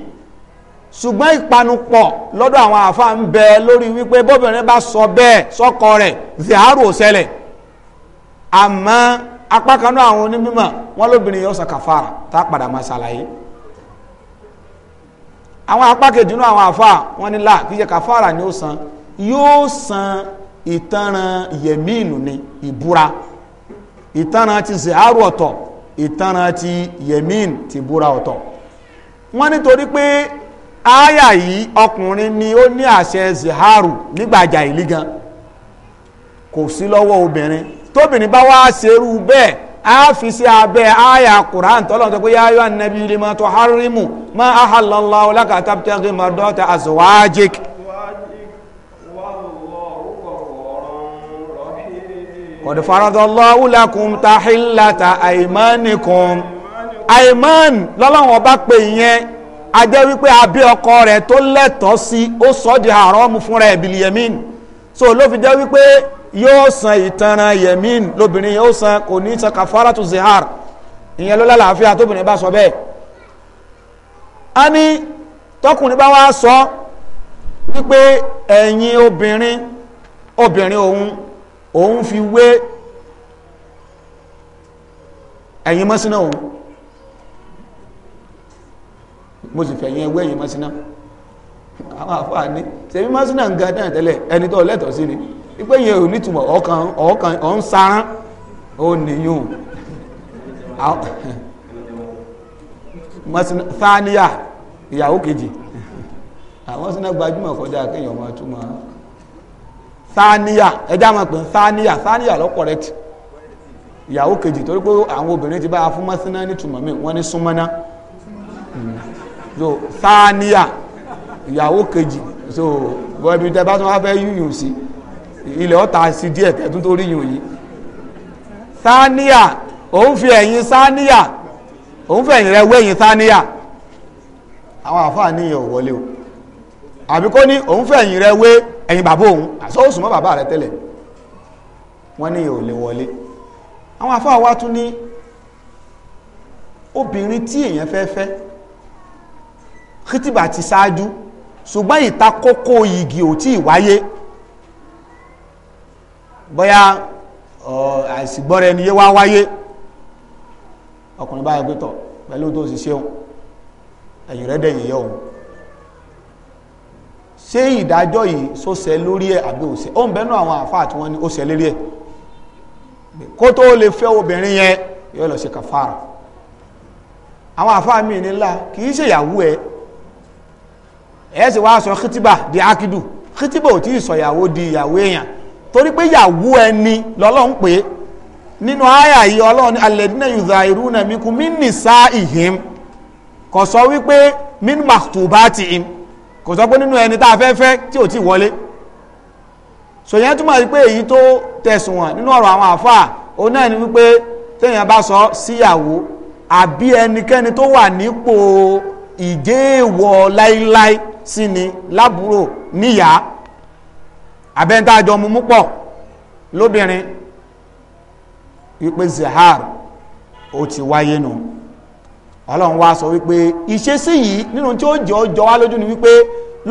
ṣùgbọ́n ìpanupọ̀ lọ́dọ̀ àwọn àfáà ń bẹ lórí wípé bóbìnrin bá sọ bẹ́ẹ̀ sọ́kọ rẹ̀ ziharu ò ṣẹlẹ̀ àmọ́ apá kan náà àwọn onímọ̀ wọn lóbìnrin yóò sọ tá a padà àwọn apá kejì náà àwọn àfa wọn ni là kì í ṣe kàfàrà ni ó san yóò san ìtanràn yẹmíìnù ni ìbúra ìtanràn ti zèhárù ọ̀tọ̀ ìtanràn ti yẹmíìnù ti búra ọ̀tọ̀ wọn nítorí pé ááyà yìí ọkùnrin ni ó ní àṣẹ zèhárù nígbàjà ìlígan kò sí lọ́wọ́ obìnrin tóbìnrin bá wá ṣerú bẹ́ẹ̀ a fi sí abẹ́ àyà Qur'an tọ́lọ̀ tó pé yá ayọ́ anabi lima tuharrimu ma ahallallahu laka tabtaghi mardata azwajik. qad faradallahu lakum tahillata aymanikum àìmán lọ́lọ́run ọba pé ìyẹn a jẹ́ wípé abẹ́ ọkọ rẹ̀ tó lẹ́tọ̀ọ́ sí ó sọ́ di haram fúnra ẹ̀ bìlìyẹ̀mín so ló fi jẹ́ wípé yóò san ìtanràn yẹ̀mín lóbìnrin yóò san kò ní san kàfàrà tó zihar ìyẹn ló lálàáfíà tóbìnrin bá sọ bẹ́ẹ̀ a ní tọkùnrin bá wá sọ wípé ẹ̀yin obìnrin obìnrin òun òun fi wé masina mọ́síná òun mo sì fẹ̀yìn ẹgbẹ́ ẹ̀yin mọ́síná àwọn àfáà ní ṣe mọ́síná ń ga náà tẹ́lẹ̀ ẹni tó lẹ́tọ̀ọ́ sí ni. wípé yẹn ò nítumọ̀ ọkàn ọkàn ọ̀ ń ó nìyún thania ìyàwó kejì àwọn sínú gbajúmọ̀ kọjá kéèyàn máa túmọ̀ ẹjá máa pè lọ correct ìyàwó kejì torí pé àwọn obìnrin ti bá fún mọ́síná nítumọ̀ mi wọ́n ní so thania ìyàwó kejì so bọ́ ibi bá tún ilẹ̀ ọ̀tà sí díẹ̀ kẹ́tún tó rí yùn yìí sáníyà òun fi ẹ̀yìn sáníyà òun fi ẹ̀yìn rẹ wẹ́yìn sáníyà àwọn àfáà níyàn ò wọlé o àbí kó ní òun fi ẹ̀yìn rẹ wé ẹ̀yìn bàbá òun àsọ́ọ̀sùn mọ́ bàbá rẹ tẹ́lẹ̀ wọ́n níyàn ò lè wọlé àwọn àfáà wá tún ní obìnrin tí èèyàn fẹ́ fẹ́ kìtìbà ti ṣáájú ṣùgbọ́n ìta kókó igi ò tí ì wáyé bóyá àìsìgbọ́rẹ̀ ẹni yé wá wáyé ọkùnrin báyìí pé tọ̀ pẹ̀lú tó sì ṣeun ẹ̀yìn rẹ̀ dẹ̀ yìí yẹ òun ṣé ìdájọ́ yìí só ṣẹ lórí ẹ̀ àbí òṣẹ ó ń bẹ́nu àwọn àfáà tí wọ́n ní ó ṣẹ lórí ẹ̀ kó tó lè fẹ́ obìnrin yẹn yóò lọ ṣe kàfàrà àwọn àfáà míì nílá kì í ṣèyàwó ẹ ẹ sì wá sọ kìtìbà di akidu kìtìbà ò tí ì sọyàwó di ìyàwó èèyàn torí pé yàwó ẹni lọ́lọ́run pé nínú àyà yìí ọlọ́run ní alẹ́dínà yùzà ìrúnà mikú mí nìsá ìhìm kò sọ wípé min maktubati im kò sọ pé nínú ẹni tá a fẹ́ fẹ́ tí ò tí wọlé sòyẹn túmọ̀ sí pé èyí tó tẹ̀sùn wọn nínú ọ̀rọ̀ àwọn àfáà òun náà ni wípé téèyàn bá sọ síyàwó àbí ẹnikẹ́ni tó wà nípò ìjẹ́èwọ̀ láíláí sí ni lábúrò níyàá abẹ́ntájọ́ mumú pọ̀ lóbìnrin wípé zahar ó ti wáyé nù ọlọ́run wá sọ wípé ìṣesí yìí nínú tí ó jọ ó jọ wá lójú ni wípé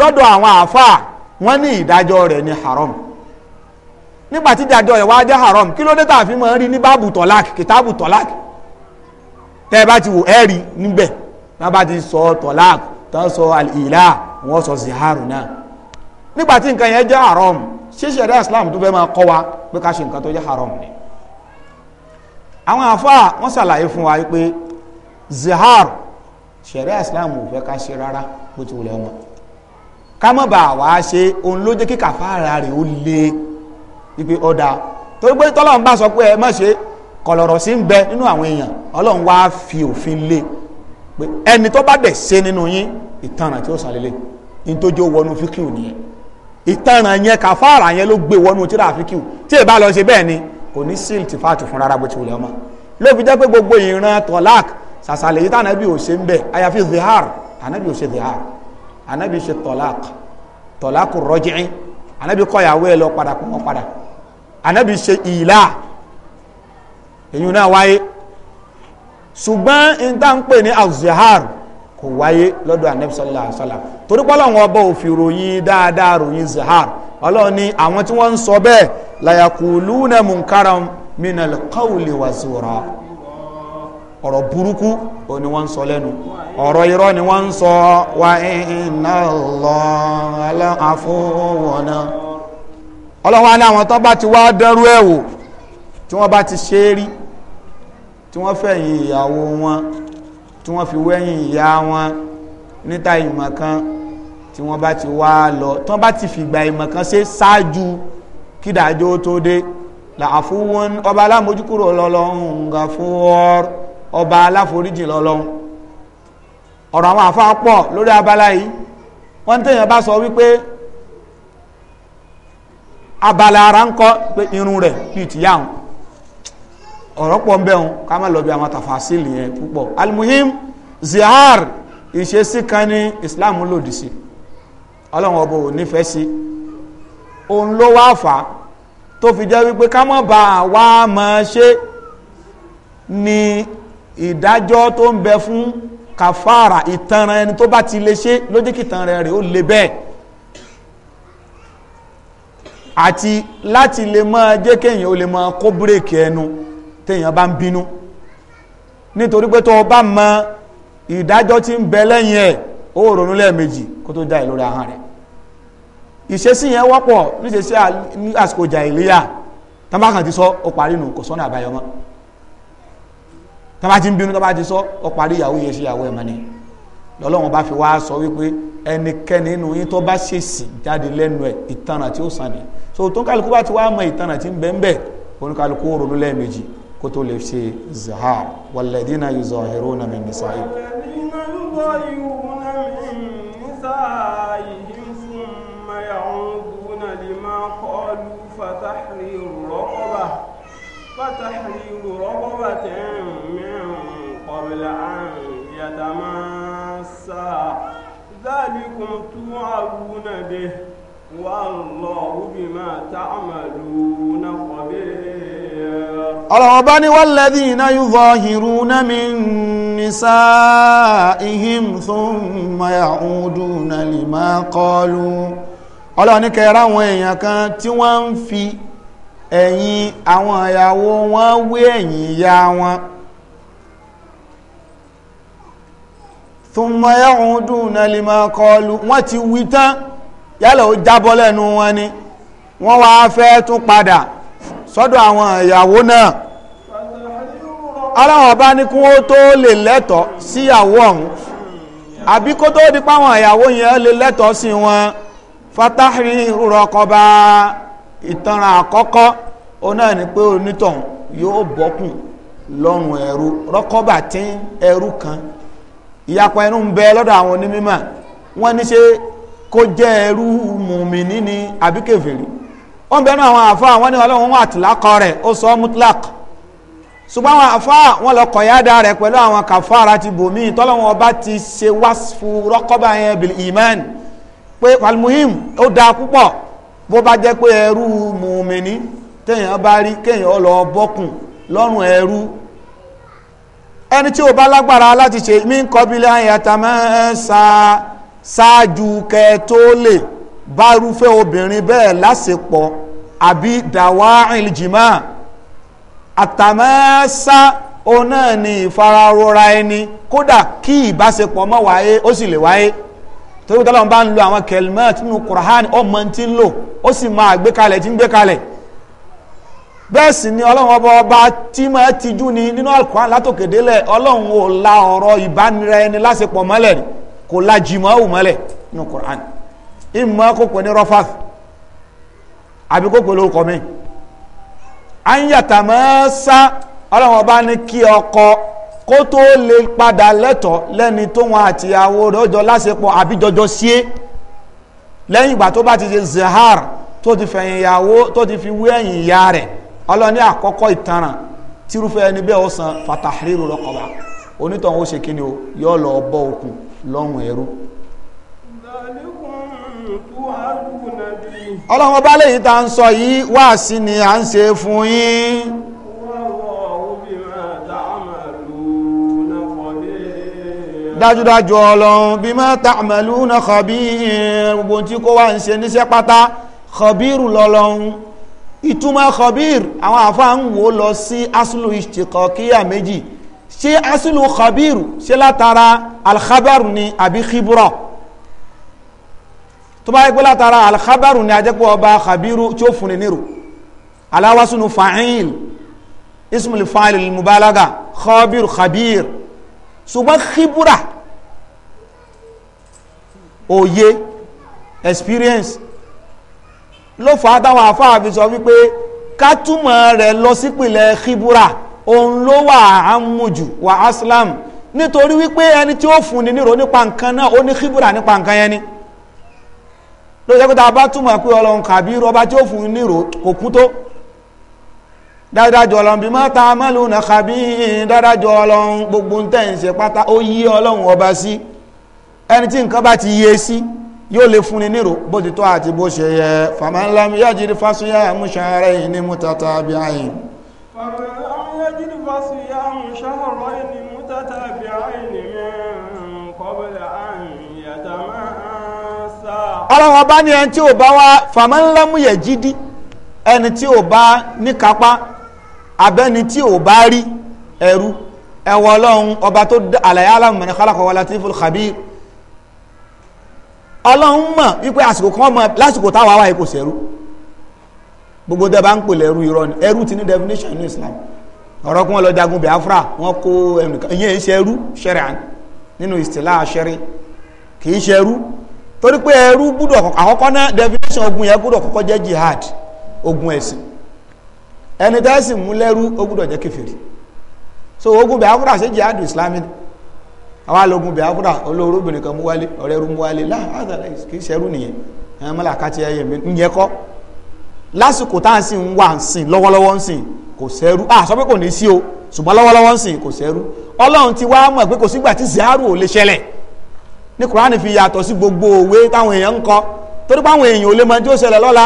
lọ́dọ̀ àwọn àáfàá wọ́n ní ìdájọ́ rẹ̀ ní haram nígbàtí ìdájọ́ rẹ̀ wá jẹ́ haram kí ló dé tàfi mọ́ rí ní báàbù tọ́lák kìtàbù tọ́lák tẹ́ ẹ bá ti wò ẹ́ rí níbẹ̀ nígbà tí nǹkan yẹn jẹ́ haram ṣíṣe ẹ̀dá islam tó fẹ́ máa kọ́ wa pé ká ṣe nǹkan tó jẹ́ haram ni àwọn àfáà wọ́n ṣàlàyé fún wa pé zihar ṣẹ̀ríà islam ò fẹ́ ká ṣe rárá bó ti wulẹ̀ wọn ká mọ̀ bá wa ṣe òun ló jẹ́ kí kàfàrà rẹ̀ ó le ipe ọ̀dà torí pé tọ́lọ́run bá sọ pé ẹ má ṣe kọ̀lọ̀rọ̀ sí ń bẹ nínú àwọn èèyàn ọlọ́run wá fi òfin lé pé ẹni tó bá dẹ̀ ṣe nínú yín ìtanràn tí ó sàlélẹ̀ ní tó jẹ́ wọnú fíkì òní ìtanràn yẹn kàfàrà yẹn ló gbé wọnú tíra àfikún tí ìbá lọ ṣe bẹ́ẹ̀ ni kò ní sí ìtìfàtù fún rárá bó ti wulẹ̀ ọmọ ló fi jẹ́ pé gbogbo ìran tọ́lák sàṣàlẹ̀ yìí tànàbí ò ṣe ń bẹ̀ àyàfi zihar ànàbí ò ṣe zihar ànàbí ṣe tọ́lák tọ́lákù rọ́jìn ànàbí kọ́yàwó ẹ̀ lọ padà pọ̀ wọ́n padà ànàbí ṣe ìlà èyí náà wáyé ṣùgbọ́n ìta ń pè ní azihar kò wáyé lọ́dọ̀ ànàbí sallallahu alaihi wasallam torí pọ́lọ́wọ́n ọba òfin ròyìn dáadáa ròyìn zihar ọlọ́run ní àwọn tí wọ́n ń sọ bẹ́ẹ̀ layakuluna munkaram minal qawli wa zura ọ̀rọ̀ burúkú ò ní wọ́n ń sọ lẹ́nu ọ̀rọ̀ irọ́ ni wọ́n ń sọ wa inna Allah afuwana ọlọ́run á ní àwọn tó bá ti wá dẹ́rú ẹ̀ wò tí wọ́n bá ti ṣe é rí tí wọ́n fẹ̀yìn ìyàwó wọn tí wọ́n fi wẹ́yìn ìyá wọn níta ìmọ̀ kan tí wọ́n bá ti wá lọ tí wọ́n bá ti fìgbà ìmọ̀ kan ṣe ṣáájú kídàájọ́ tó dé làáfúwọ́n ọba alámójúkúrò lọ́lọ́hún nga fún ọ́rọ́ ọba aláforíjì lọ́lọ́hún ọ̀rọ̀ àwọn àfa pọ̀ lórí abala yìí wọ́n tẹ̀yàn bá sọ wípé abala ara ń kọ́ pé irun rẹ̀ bíi tìyà hàn ọ̀rọ̀ pọ̀ ń bẹ̀ hàn ká má lọ bí àwọn tàfàṣìlì yẹn púpọ̀ almuhim zihar ìṣesí kan ní islam lòdì sí ọlọ́run ọba ò nífẹ̀ẹ́ sí òun ló wá fà á tó fi jẹ́ wípé ká mọ̀ bá a wá ṣe ni ìdájọ́ tó ń bẹ fún kàfàrà ìtanràn ẹni tó bá ti lè ṣe ló jẹ́ kí ìtanràn rẹ̀ ó le bẹ́ẹ̀ àti láti lè máa jẹ́ kéèyàn ó lè máa kó búrèkì ẹnu téèyàn bá ń bínú nítorí pé tó o bá mọ̀ ìdájọ́ tí ń bẹ lẹ́yìn ẹ̀ ó ronú lẹ́ẹ̀mejì kó tó dá ìlórí ahọ́n rẹ̀ ìṣesí yẹn wọ́pọ̀ níṣesí ní àsìkò jàìlíyà tàbákan ti sọ ó parí nù kò sọ́nà àbáyọ mọ́ tàbá ti ń bínú tàbá ti sọ ó parí ìyàwó yẹn sí ìyàwó ẹ̀ mọ́ ni bá fi wá sọ wípé ẹnikẹ́ni inú yín tó bá ṣèṣì jáde lẹ́nu ẹ̀ ìtanà tí ó sàn ni so tó kálukú bá ti wá mọ ìtanà tí ń bẹ ń bẹ ronú lẹ́ẹ̀mejì kó tó lè ṣe zahar walladina yuzahiruna min nisa'i فتحرير رغبة من قبل أن يتماسا ذلكم توعدون به والله بما تعملون خبير ọlọ́wọ́ bá ní walladhina yudhahiruna min nisa'ihim thumma ya'uduna lima kẹrẹ àwọn èèyàn kan tí wọ́n ń fi ẹ̀yìn àwọn ìyàwó wọn wé ẹ̀yìn ìyá wọn thumma ya'uduna lima qalu wọ́n ti wí tán yálà ó jábọ́ lẹ́nu wọn ni wọ́n wá fẹ́ tún padà sọ́dọ̀ àwọn ìyàwó náà ọlọ́run ọba ní kí wọ́n tó lè lẹ́tọ̀ọ́ sí ìyàwó ọ̀hún àbí kó tó di páwọn ìyàwó yẹn lè lẹ́tọ̀ọ́ sí wọn fatahri rọkọba ìtanràn àkọ́kọ́ ó náà ni pé onítọ̀hún yóò bọ́kùn lọ́rùn ẹ̀rú rọ́kọ́bà tí ẹ̀rú kan ìyapa ẹnu ń bẹ lọ́dọ̀ àwọn onímọ̀ wọ́n ní ṣe kó jẹ́ ẹ̀rú mùmìnì ni àbí wọ́n bẹ̀rù àwọn àfa àwọn ní ọlọ́run wọn àtìlákọ rẹ̀ ó sọ mutlak ṣùgbọ́n àwọn àfa wọn lọ kọ̀yádà rẹ̀ pẹ̀lú àwọn kàfàrà ti bòmí tọ́lọ́wọ́n ọba ti ṣe wáṣfù rọ́kọ́bà yẹn bil iman pé almuhim ó dáa púpọ̀ bó bá jẹ́ pé ẹrú mùmìnì téèyàn bá rí kéèyàn lọ bọ́kùn lọ́rùn ẹrú ẹni tí ó bá lágbára láti ṣe mí kọ́bílẹ̀ ayẹyẹ tàmẹ́ ṣáájú kẹ tó lè bá irúfẹ́ obìnrin bẹ́ẹ̀ lásìpọ̀ àbí dàwa ìlìjìmá àtàmẹ́sá òun náà ni ìfararora ẹni kódà kí ìbáṣepọ̀ mọ́ wáyé ó sì lè wáyé torí pé tọ́lọ́run bá ń lo àwọn kẹlmẹ́ẹ̀tì nínú kùrán ọmọ tí ń lò ó sì máa gbé kalẹ̀ tí ń gbé kalẹ̀ bẹ́ẹ̀ sì ni ọlọ́run ọba ọba tí máa tijú ni nínú alukóran látòkèdélẹ̀ ọlọ́run ò la ọ̀rọ̀ ìbánira ẹni lásìpọ̀ mọ́lẹ̀ kò la jìmọ́ òun mọ́lẹ̀ nínú kùrán. ìmọ̀ kó pè ní rọ́fàs àbí kó pè lórúkọ mi à ń yàtà mọ́ sá ọlọ́run ọba ní kí ọkọ kó tó lè padà lẹ́tọ̀ọ́ lẹ́ni tó wọn àtìyàwó rẹ̀ ọjọ́ lásìkò àbí jọjọ sí é lẹ́yìn ìgbà tó bá ti ṣe zihar tó ti fẹ̀yìn ìyàwó tó ti fi wé ẹ̀yìn ìyá rẹ̀ ọlọ́ni àkọ́kọ́ ìtanràn tírúfẹ́ ẹni bẹ́ẹ̀ ó san fatahriru raqaba onítọ̀hún ó ṣe kíni o yọ lọ bọ́ okùn lọ́rùn ẹrú ọlọ́run ọba lẹ́yìn tá ń sọ yìí wáàsí ni à ń ṣe fún yín dájúdájú ọlọ́run bima ta'maluna khabir gbogbo tí kó wá ń ṣe níṣẹ́ pátá khabiru lọ́lọ́run ìtumọ̀ khabir àwọn àfáà ń wò lọ sí aslu ishtiqaqiyya méjì ṣé aslu khabiru ṣé látara alkhabaru ni àbí khibra tó bá yẹ pé látara alhabaru ni ajẹ́pọ̀ ọba khabiru tí ó fúnni nírò aláwásùnù fa'il ismul fa'il mubalaga khabir khabir ṣùgbọ́n khibura òye experience ló fà á táwọn afáàfin sọ wípé kátùmọ̀ rẹ̀ lọ sípìlẹ̀ khibura òun ló wà ámùjù wà aslam nítorí wípé ẹni tí ó fúnni nírò nípa nǹkan náà ó ní khibura nípa nǹkan yẹn ni. Khibura, ló jẹ́ pé tá a bá túmọ̀ pé ọlọ́run kàbírú ọba tí ó fún un nírò kò kú tó dáadáa jọ ọlọ́run bí má ta mẹ́lùú náà kàbí dáadáa ọlọ́run gbogbo ń ń ṣe pátá ó yí ọlọ́run ọba sí ẹni tí nǹkan bá ti yé sí yóò lè fúnni nírò bó ti tọ́ àti bó ṣe yẹ fàmánlám yájiri fásúyà àmúṣàárẹ̀ yìí ní mú tata bí àyìn. fàmánlám yájiri fásúyà àmúṣàárẹ̀ ọlọ́run ọba ní ẹni tí ò bá wá fàmọ́nlámúyẹ̀ jídí ẹni tí ò bá níkápá abẹ́ni tí ò bá rí ẹrú ẹwọ ọlọ́run ọba tó àlàyé alámọ̀mọ́ni kálákọ̀ wọlé tí fúlù kàbí ọlọ́run mọ̀ wípé àsìkò kan mọ̀ lásìkò táwa wáyé kò sẹ́rú gbogbo dẹ́ bá ń pèlè ẹrú irọ́ ni ẹrú ti ní definition ní Islam ọ̀rọ̀ kí wọ́n lọ jagun Biafra wọ́n kó ẹnìkan ìyẹn ìṣẹ́rú ṣẹ́rẹ̀ nínú ìsìlá ṣẹ́rẹ̀ kì í ṣẹ́rú torí pé ẹrú gbúdọ̀ àkọ́kọ́ definition ogun yẹn gbúdọ̀ kọ́kọ́ jihad ogun ẹ̀sìn ẹni tá sì mú lẹ́rú ó jẹ́ so ogun Biafra ṣe jihad islamic àwọn alogun Biafra olóró obìnrin kan mú wálé ọ̀rẹ́ rú mú wálé láàárọ̀ kì í ṣerú nìyẹn mọ́lá káàtì mi kọ́ lásìkò tá à ń sìn o ṣùgbọ́n lọ́wọ́lọ́wọ́ ń sìn kò ọlọ́run ti wá mọ̀ pé kò sígbà tí ziaru ní kùránì fi yàtọ̀ sí gbogbo òwe táwọn èèyàn ń kọ torí pé àwọn èèyàn ò lè mọ tí ó ṣẹlẹ̀ lọ́la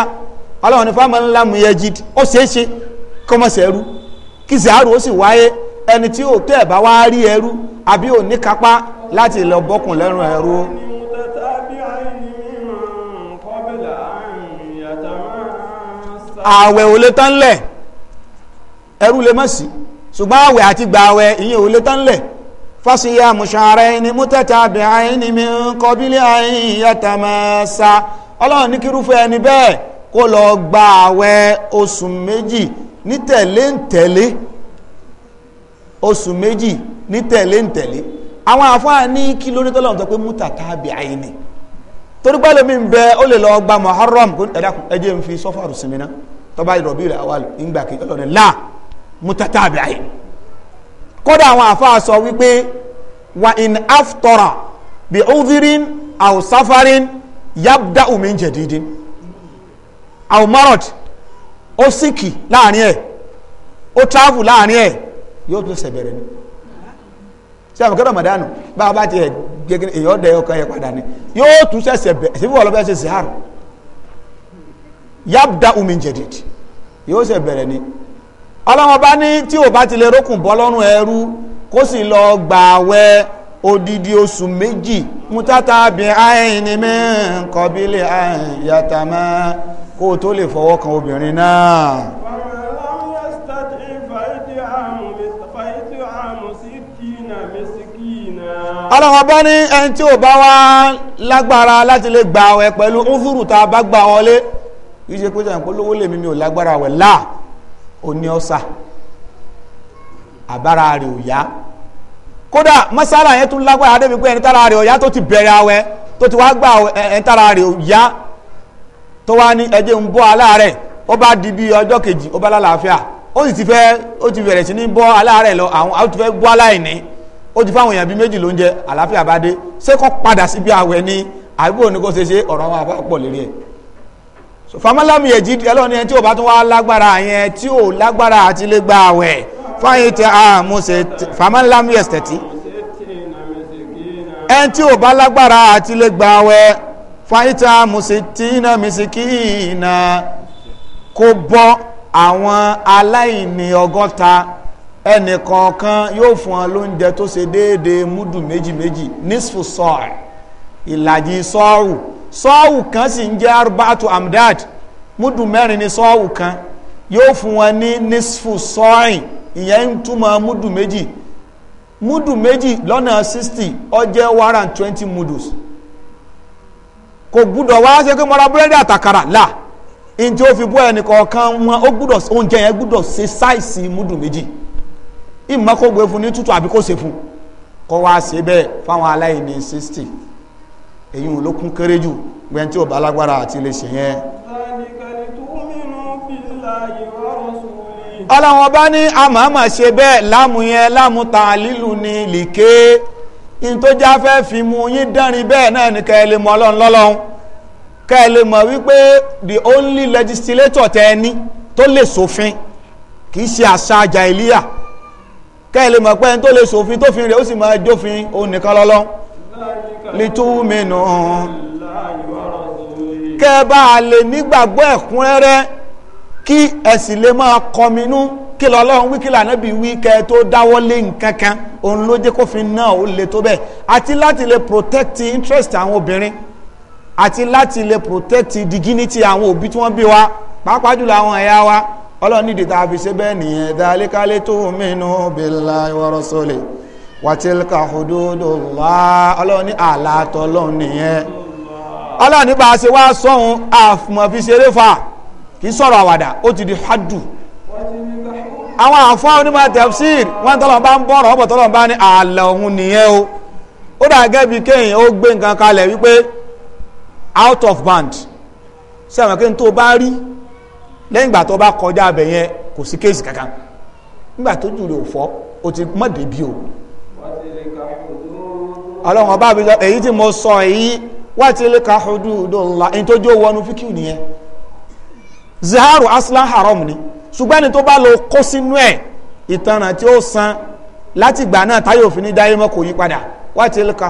ọlọ́run ní fáwọn ńlá mu yẹ jìd ó ṣeé ṣe kó mọ̀ sí ẹrú kí zaaru ó sì wáyé ẹni tí ò tẹ́ ẹ̀ bá wá rí ẹrú àbí ò ní kápá láti lọ bọ́kùn lẹ́rùn ẹrú ààwẹ̀ ò lè tán lẹ̀ ẹrú lè mọ̀ sí ṣùgbọ́n ààwẹ̀ àti gbààwẹ̀ ìyẹn ò lè tán lẹ̀ fasiyamu shahraini mutatabi'aini min qabili an yatamassa ọlọ́run ní kírúfẹ́ ẹni bẹ́ẹ̀ kó lọ gba àwẹ̀ oṣù méjì ní tẹ̀lé ń tẹ̀lé oṣù méjì ní tẹ̀lé ń tẹ̀lé àwọn àfáà ní kí lórí tọ́lọ́run tó pé mutatabi'aini torí pẹ́lú mi ń bẹ ó lè lọ gba muharram ẹ̀dàkùn ẹjẹ́ ń fi sọ́fàrù sinmi ná tọ́ba ìrọ̀bí rẹ̀ awal ìgbà kejì ọlọ́run là kódà àwọn àfáà sọ wípé wa in aftara bi udhirin aw safarin yabda'u min jadidin aw marad ó síkì láàrin ẹ̀ ó travel láàrin ẹ̀ yóò tún sẹ̀bẹ̀rẹ̀ ni ṣé àwọn kẹ́rọ̀ mọ̀dánù bá a bá ti èyàn dẹ̀ ọkàn yẹn padà ni yóò tún sẹ̀sẹ̀ bẹ̀ ṣé wọ́n lọ fẹ́ ṣe sihar yabda'u min jadid yóò sẹ̀bẹ̀rẹ̀ ni ọlọ́wọ́n bá ní tí ò bá ti lè rókùn bọ́ lọ́rùn ẹrú kó sì lọ gbààwẹ̀ odidi oṣù méjì mútátà bí àìn ní mẹ́ǹkan bí lè àìn yàtà mẹ́ kó tó lè fọwọ́ kan obìnrin náà ọlọ́wọ́n bá ní ẹni tí ò bá wá lágbára láti lè gbààwẹ̀ pẹ̀lú ń fúrù ta bá gbà wọlé kìí pé jẹ́ ìpolówó lèmi mi ò lágbára wẹ̀ láà oní àbára rẹ̀ ò yá kódà masala yẹn tún lágbára débi pé ẹni tára rẹ̀ ò yá tó ti bẹ̀rẹ̀ awẹ́ tó ti wá gbà ẹni tára rẹ̀ ò yá tó wá ní ẹjẹ́ ń bọ́ ó bá di bí ọjọ́ kejì ó bá lálàáfíà ó sì ti fẹ́ ó ti lọ àwọn ti fẹ́ bọ́ aláìní ó ti fáwọn èèyàn bíi méjì lóúnjẹ àlàáfíà bá dé ṣé ni àbí ṣe so famalami ẹ̀jí ọlọ́ni ẹni tí ò bá tún wá lágbára yẹn tí ò lágbára àti lè gba àwẹ̀ fáyín tẹ àmúṣe famalami ẹ̀sítẹ̀tì ẹni tí ò bá lágbára àti lè gba àwẹ̀ fáyín tẹ àmúṣe tìǹà mìsìkìǹà kó bọ́ àwọn aláìní ọgọ́ta ẹnì kọ̀ọ̀kan yóò fún ọ lóúnjẹ tó ṣe déédéé múdù méjì méjì ìlàjì sọ́ọ̀rù sọ́ọ̀wù kan sì ń jẹ́ arbatu amdad múdù mẹ́rin ni sọ́ọ̀wù kan yóò fún wọn ní nisfu sọ́ọ̀ìn ìyẹn ń túmọ̀ múdù méjì múdù méjì lọ́nà 60 ó jẹ́ 120 múdùs kò gbúdọ̀ wá ṣe pé mọ́ra búrẹ́dì àtàkàrà là in tí ó fi bọ́ ẹnì kọ̀ọ̀kan wọn ó gbúdọ̀ oúnjẹ yẹn gbúdọ̀ ṣe sáìsì múdù méjì ìmọ̀ kó gbé fún ní tútù àbí kó ṣe fún kó wá ṣe bẹ́ẹ̀ fáwọn aláìní 60 èyí ló kún kéré jù gbẹ́n tí ó bá lágbára àti lè ṣe yẹn ọlọ́wọ́n bá ní àmàmà ṣe bẹ́ẹ̀ láàmù yẹn láàmù ta lílù ní lìké in tó já fẹ́ fi mú yín dánrin bẹ́ẹ̀ náà ní kẹ́ẹ̀lẹ́ mọ́ ọlọ́run lọ́lọ́run kẹ́ẹ̀lẹ́ mọ̀ wípé the only legislator tẹ ẹni tó lè ṣòfin kìí ṣe àṣà jàìlíyà kẹ́ẹ̀lẹ́ mọ̀ pé ẹni tó lè ṣòfin tó fi rẹ̀ ó sì máa jófin òun nìkan lọ́lọ́run lítúmínú kẹba lè nígbàgbọ́ ẹ̀kúnrẹ́rẹ́ kí ẹ̀sìn lè máa kọminú kí lọ́lọ́run wí kí lànàbí wí kẹ tó dáwọ́ lé nkankan òun ló jẹ́ kófin náà ó le tó bẹ́ẹ̀ àti láti lè protect interest àwọn obìnrin àti láti lè protect dignity àwọn òbí tí wọ́n bí wa pàápàá jùlọ àwọn ẹ̀yà wa ọlọ́run nídìí tá a fi ṣe bẹ́ẹ̀ nìyẹn dálékálé tó mìíràn billahi wa rasuli wàtílkà hududullah ọlọ́run ní àlàtọ̀ ọlọ́run nìyẹn ọlọ́run bá a ṣe wá sọ́hun àfùmọ̀ fi ṣeré kì í sọ̀rọ̀ àwàdà ó ti di hadu àwọn àfọ́ onímọ̀ tafsir wọ́n bá ń bọ̀rọ̀ ọ̀pọ̀ bá ní o ó dà gẹ́gẹ́ bí kéyìn ó out of band sẹ́wọ̀n kí n tó bá rí lẹ́yìn ìgbà tó bá kọjá abẹ yẹn kò sí kéèsì kankan nígbà ọlọ́run ọba àbíjọ èyí tí mo sọ èyí wáti lè ka hududullah in tó jó wọnú fíkíù nìyẹn aslan haram ni ṣùgbọ́n tó bá lọ kó sínú ẹ̀ ìtànà tí ó san láti gbà náà táyọ̀ òfin ní dáyé yí padà lè ka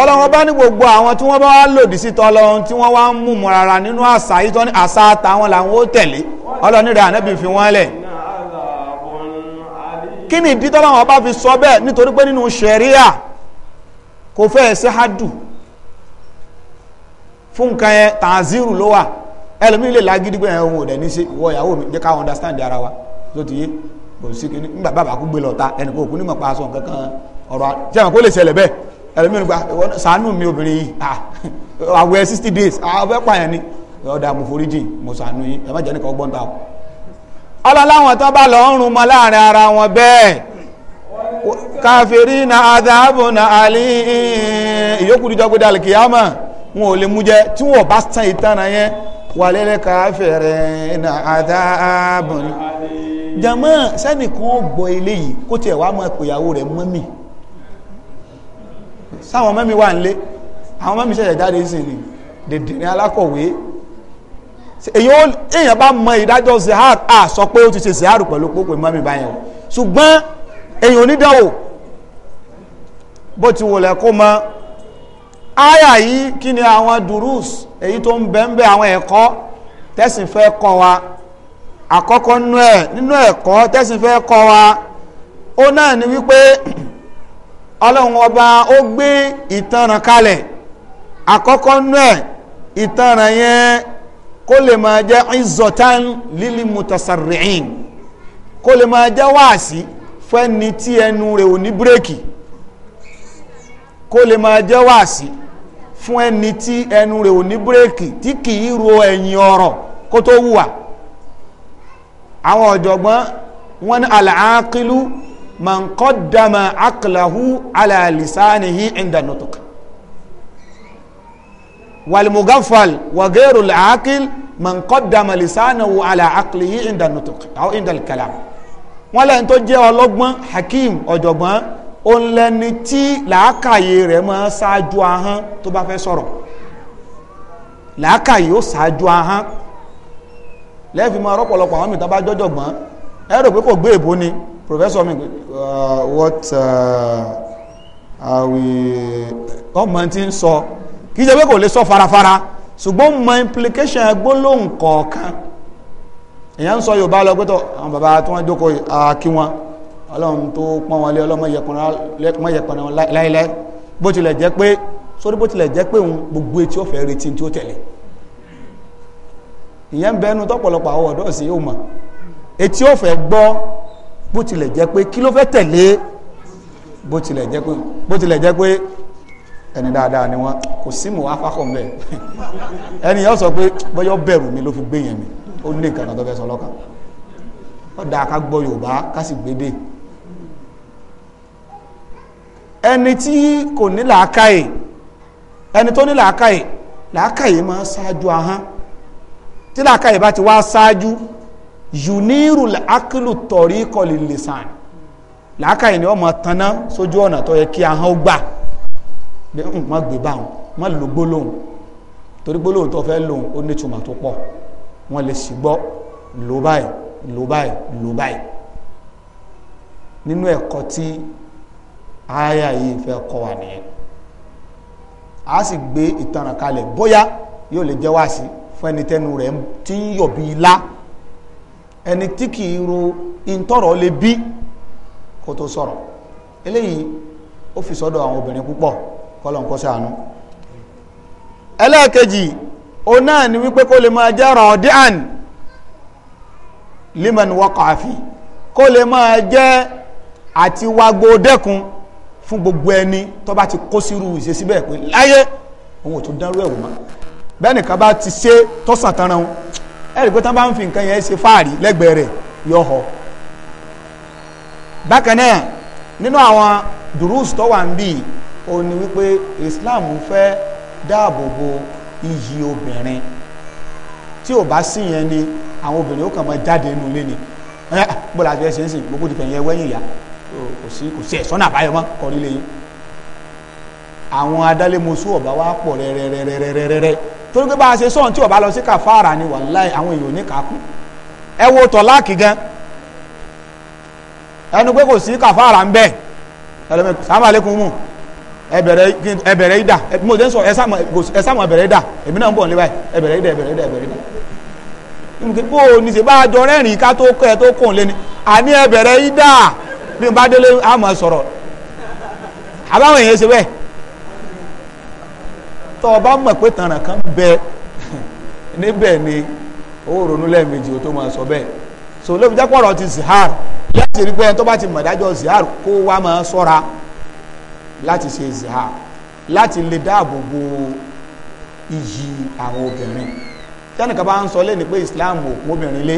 ọlọ́run bá ní gbogbo àwọn tí wọ́n bá wá lòdì sí tọ́lọ́run tí wọ́n wá ń mú mu rárá nínú àṣà yìí tọ́ ní àṣà àtàwọn làwọn ó tẹ̀lé ọlọ́run rẹ̀ ànábì fi wọ́n lẹ̀ kí ni ìdí tọ́lọ́run bá fi sọ bẹ́ẹ̀ nítorí pé nínú ṣẹ̀ríà kò fẹ́ ṣe hádù fún nǹkan yẹn tàzírù ló wà ẹlòmí lè lágídí pé ẹ̀hún ò dẹ̀ ní sí ìwọ ìyàwó mi jẹ́ ká understand ara wa tó ti yé kò sí kí nígbà bàbá kú gbé lọ ta ẹnì kò kú nímọ̀ pa aṣọ nǹkan kan ọ̀rọ̀ àti ẹ̀hún kó lè ṣẹlẹ̀ bẹ́ẹ̀ ẹlòmíràn gba ah, sàánù mi obìnrin yìí àwẹ̀ ah, sixty days àwẹ̀ ah, pààyàn ni ọ̀dà mo mo sàánù yìí ẹ má jẹ́ nìkan o. tó bá lọ ń rún láàrin ara wọn bẹ́ẹ̀ káfírí na adáàbò na àlì ìyókù dídọ́ gbé wọn ò lè mú jẹ tí wọn bá tán yẹn na adáàbò na àlì. gbọ́ eléyìí kó tiẹ̀ sáwọn mẹ́mi wà nílé àwọn mẹ́mi ṣẹ̀ṣẹ̀ jáde sí ni dèdè ní alákọ̀wé èèyàn bá mọ ìdájọ́ zihar a sọ pé ó ti ṣe zihar pẹ̀lú pópè mọ́mí báyẹn o ṣùgbọ́n èèyàn onídàwò bó ti wòlẹ̀ kó mọ áyà yìí kí ni àwọn durus èyí tó ń bẹ́ńbẹ́ àwọn ẹ̀kọ́ tẹ́sìn fẹ́ kọ́ wa àkọ́kọ́ nínú ẹ̀kọ́ tẹ́sìn fẹ́ kọ́ wa ó náà ni wípé ọlọ́run ọba ó gbé ìtanràn kalẹ̀ àkọ́kọ́ nú ẹ̀ ìtanràn yẹn kó lè máa jẹ́ ìzọ̀tán líli mutasarri'in kó lè máa jẹ́ wáàsí fẹ́ni tí ẹnu rẹ̀ ò ní bírèkì kó lè máa jẹ́ wáàsí fún ẹni tí ẹnu rẹ̀ ò tí kì í ro ẹ̀yìn kó tó wùwà man qaddama aqlahu ala lisanihi inda nutuk walmugaffal wa ghayrul aqil man qaddama lisanahu ala aqlihi inda nutuk aw inda kalam wọ́n lẹ́yìn tó jẹ́ ọlọ́gbọ́n hakim ọ̀jọ̀gbọ́n ó ń lẹ́ni tí làákàyè rẹ̀ máa ṣáájú ahọ́n tó bá fẹ́ sọ̀rọ̀ làákàyè ó ṣáájú ahọ́n lẹ́ẹ̀fì máa rọ́pọ̀lọpọ̀ àwọn mìíràn bá jọ́jọ̀gbọ́n ẹ rò pé kò gbé èbó ni professor mi uh, what uh, we ọmọ tí ń sọ kì í ṣe pé kò lè sọ farafara ṣùgbọ́n mọ implication gbólóhùn kọ̀ọ̀kan èyàn ń sọ Yorùbá lọ pẹ́tọ̀ àwọn bàbá tí wọ́n jókòó àkí wọn ọlọ́run tó pọ́n wọn lé ọlọ́mọ yẹpọ̀nà láìláì bó tilẹ̀ jẹ́ pé sórí bó tilẹ̀ jẹ́ pé òun gbogbo etí ó fẹ́ retí tí ó tẹ̀lé ìyẹn ń bẹnu tọ́pọ̀lọpọ̀ àwọn ọ̀dọ́ sí yóò mọ̀ etí ó fẹ́ gbọ́ bó jẹ́ pé kí ló fẹ́ tẹ̀lé bó jẹ́ pé ẹni dáadáa ni wọ́n kò sí ẹni yọ sọ pé bẹ̀rù mi ló fi gbé yẹn mi ó ní nǹkan tó fẹ́ sọ lọ́kàn ó ká gbọ́ Yorùbá ká sì gbédè ẹni tí kò ní làákàyè ẹni tó ní làákàyè làákàyè máa ṣáájú ahán tí làákàyè bá ti wá ṣáájú yuniru akilu tọ̀rí kọlì lìsàn làákàyè ni ọmọ tanná sójú ọ̀nà tó yẹ kí ahọ́n ó gbà bí n má gbé báwọn má lò gbólóhùn torí gbólóhùn tó fẹ́ lòun ó ní ìtumọ̀ tó pọ̀ wọ́n lè sì gbọ́ lò báyìí lò báyìí lò báyìí nínú ẹ̀kọ́ tí aya yìí fẹ́ kọ́ wa nìyẹn a sì gbé ìtanràn kalẹ̀ bóyá yóò lè jẹ́ wá sí fún ẹni tẹnu rẹ̀ tí ń yọ̀ ẹni tí kì í ro ìntọ́rọ̀ lè bí kò tó sọ̀rọ̀ eléyìí ó fi sọ́dọ̀ àwọn obìnrin púpọ̀ kọ́lọ̀n kọ́ ṣàánú ẹlẹ́ẹ̀kejì ó náà ni wípé kó lè máa jẹ́ rọ̀díàn liman waqa'a fi kó lè máa jẹ́ àti wagbo dẹ́kun fún gbogbo ẹni tó bá ti kó sírú ìṣesí bẹ́ẹ̀ pé láyé òun ò tún dánrú ẹ̀wò mọ́ bẹ́ẹ̀ nìkan bá ti ṣe tọ́sàn tanran ẹ̀rí tán bá ń fi nǹkan yẹn ṣe fáàrí lẹ́gbẹ̀ẹ́ rẹ̀ yọ̀họ̀ bákan náà nínú àwọn durus tó wà ń bì ó ní wípé Islam fẹ́ dáàbò bo iyì obìnrin tí ò bá sí yẹn ni àwọn obìnrin ó kàn máa jáde nínú ilé ni bọ́lá sìn gbogbo ti fẹ̀yìn ẹwẹ́yìn ìyá kò sí kò sí ẹ̀sọ́nà àbáyọ mọ́ lẹ́yìn àwọn ọ̀bá torí pé bá a ṣe sọ̀n tí ó lọ sí kàfàrà ni wàláì àwọn èèyàn ní ẹ wo tọ̀láàkì gan ẹnu pé kò sí kàfàrà ń bẹ̀ sàmàlẹ́kùn mú ẹbẹ̀rẹ̀ ìdà mo jẹ́ ẹ sàmọ̀ ìdà èmi náà ń bọ̀ níbàyí ẹbẹ̀rẹ̀ ìdà ẹbẹ̀rẹ̀ ìdà ẹbẹ̀rẹ̀ ìdà níbi bó ní ṣe bá a jọ rẹ́rìn ká tó kọ́ ni ìdà tó o mọ̀ kan bẹ níbẹ̀ ni ó ronú lẹ́ẹ̀mejì ó tó máa sọ bẹ́ẹ̀ so lóbi jẹ́ pọ̀rọ̀ ti zihar láti rí pé ẹni ti mọ̀ dájọ́ zihar kó wá máa sọ́ra láti ṣe zihar láti lè dáàbò bo iyì àwọn obìnrin tẹ́nìkan bá ń sọ lẹ́ni pé islam ò kún obìnrin lé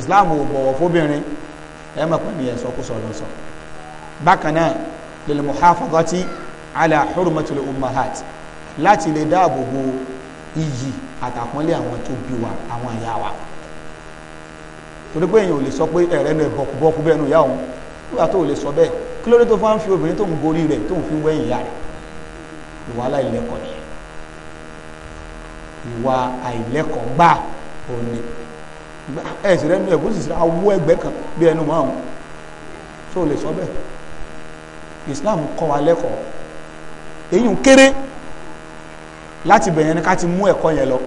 islam ò bọ̀wọ̀ fóbìnrin ẹ mọ̀ pé ní ẹ̀sọ́ ala láti lè dáàbò bo iyì àtàpọ́nlé àwọn tó bí wa àwọn ìyá wa torí pé èèyàn ò lè sọ pé ẹ̀rẹ́ nu ẹ̀bọ̀kúbọ̀kú bẹ́ẹ̀ nu ìyá òun nígbà tó ò lè sọ bẹ́ẹ̀ kí ló dé tó fáwọn fi obìnrin tó ń gorí rẹ̀ tó ń fi wẹ́yìn ìyá rẹ̀ ìwà aláìlẹ́kọ̀ọ́ nìyẹn ìwà àìlẹ́kọ̀ọ́ gbà òní ẹ̀sìn rẹ̀ nu ẹ̀gbọ́n sì sira awó ẹgbẹ́ kan bí ẹnu mọ́ àwọn tó lè sọ bẹ́ẹ̀ Islam kọ́ wa lẹ́kọ̀ọ́ èyí ń kéré láti bẹ̀yẹn ni ká ti mú ẹ̀kọ́ yẹn lọ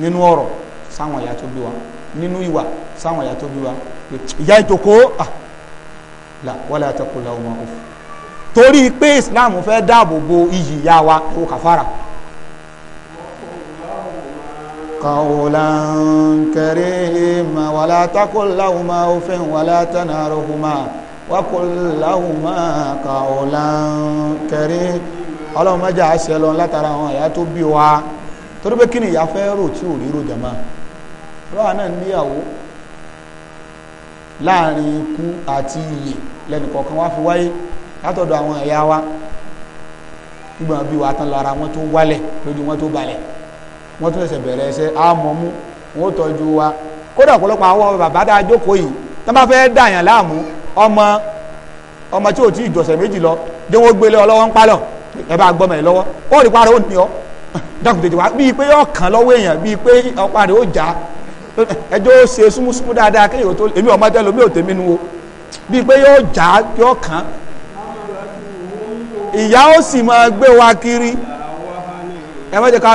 nínú ọ̀rọ̀ sáwọn ìyá tó bí wa nínú ìwà sáwọn ìyá tó bí wa ìyá ìtòkó là wala àtẹkù làwọn ọmọ òfò torí pé Islam fẹ́ dáàbò bo iyì ìyá wa kó kàfàrà. قولا كريما ولا تقل لهما اوف ولا تنهرهما وقل لهما قولا كريما ọlọ́run mẹ́jà àṣẹ lọ látara àwọn àyà tó bí wa torí pé kí ni ìyá fẹ́ rò tí ò rí rò jàmá rọ́wà náà níyàwó láàrin ikú àti ìyè lẹ́nìkọ̀ọ̀kan wá fi wáyé látọ̀dọ̀ àwọn ẹ̀yà wa gbọ́n bí wa tán lára wọn tó wálẹ̀ lójú wọn tó balẹ̀ tún ẹsẹ̀ bẹ̀rẹ̀ ẹsẹ̀ àmọ́mú tọ́jú wa kódà ọ̀pọ̀lọpọ̀ bàbá jókòó yìí tán bá fẹ́ láàmú ọmọ ọmọ tí ò tí lọ dé wọ́n gbélé ọlọ́wọ́ Ebe bá gbọ́mọ lọ́wọ́ ó rí parọ́ ó ní ọ dọ́kùn tètè bíi pé ọkàn lọ́wọ́ èèyàn bíi pé rẹ̀ ó ẹjọ́ ó ṣe súnmúsúnmú dáadáa kéèyàn tó èmi ọmọ tẹ́lẹ̀ nu o bíi pé yóò ìyá ó sì máa gbé wa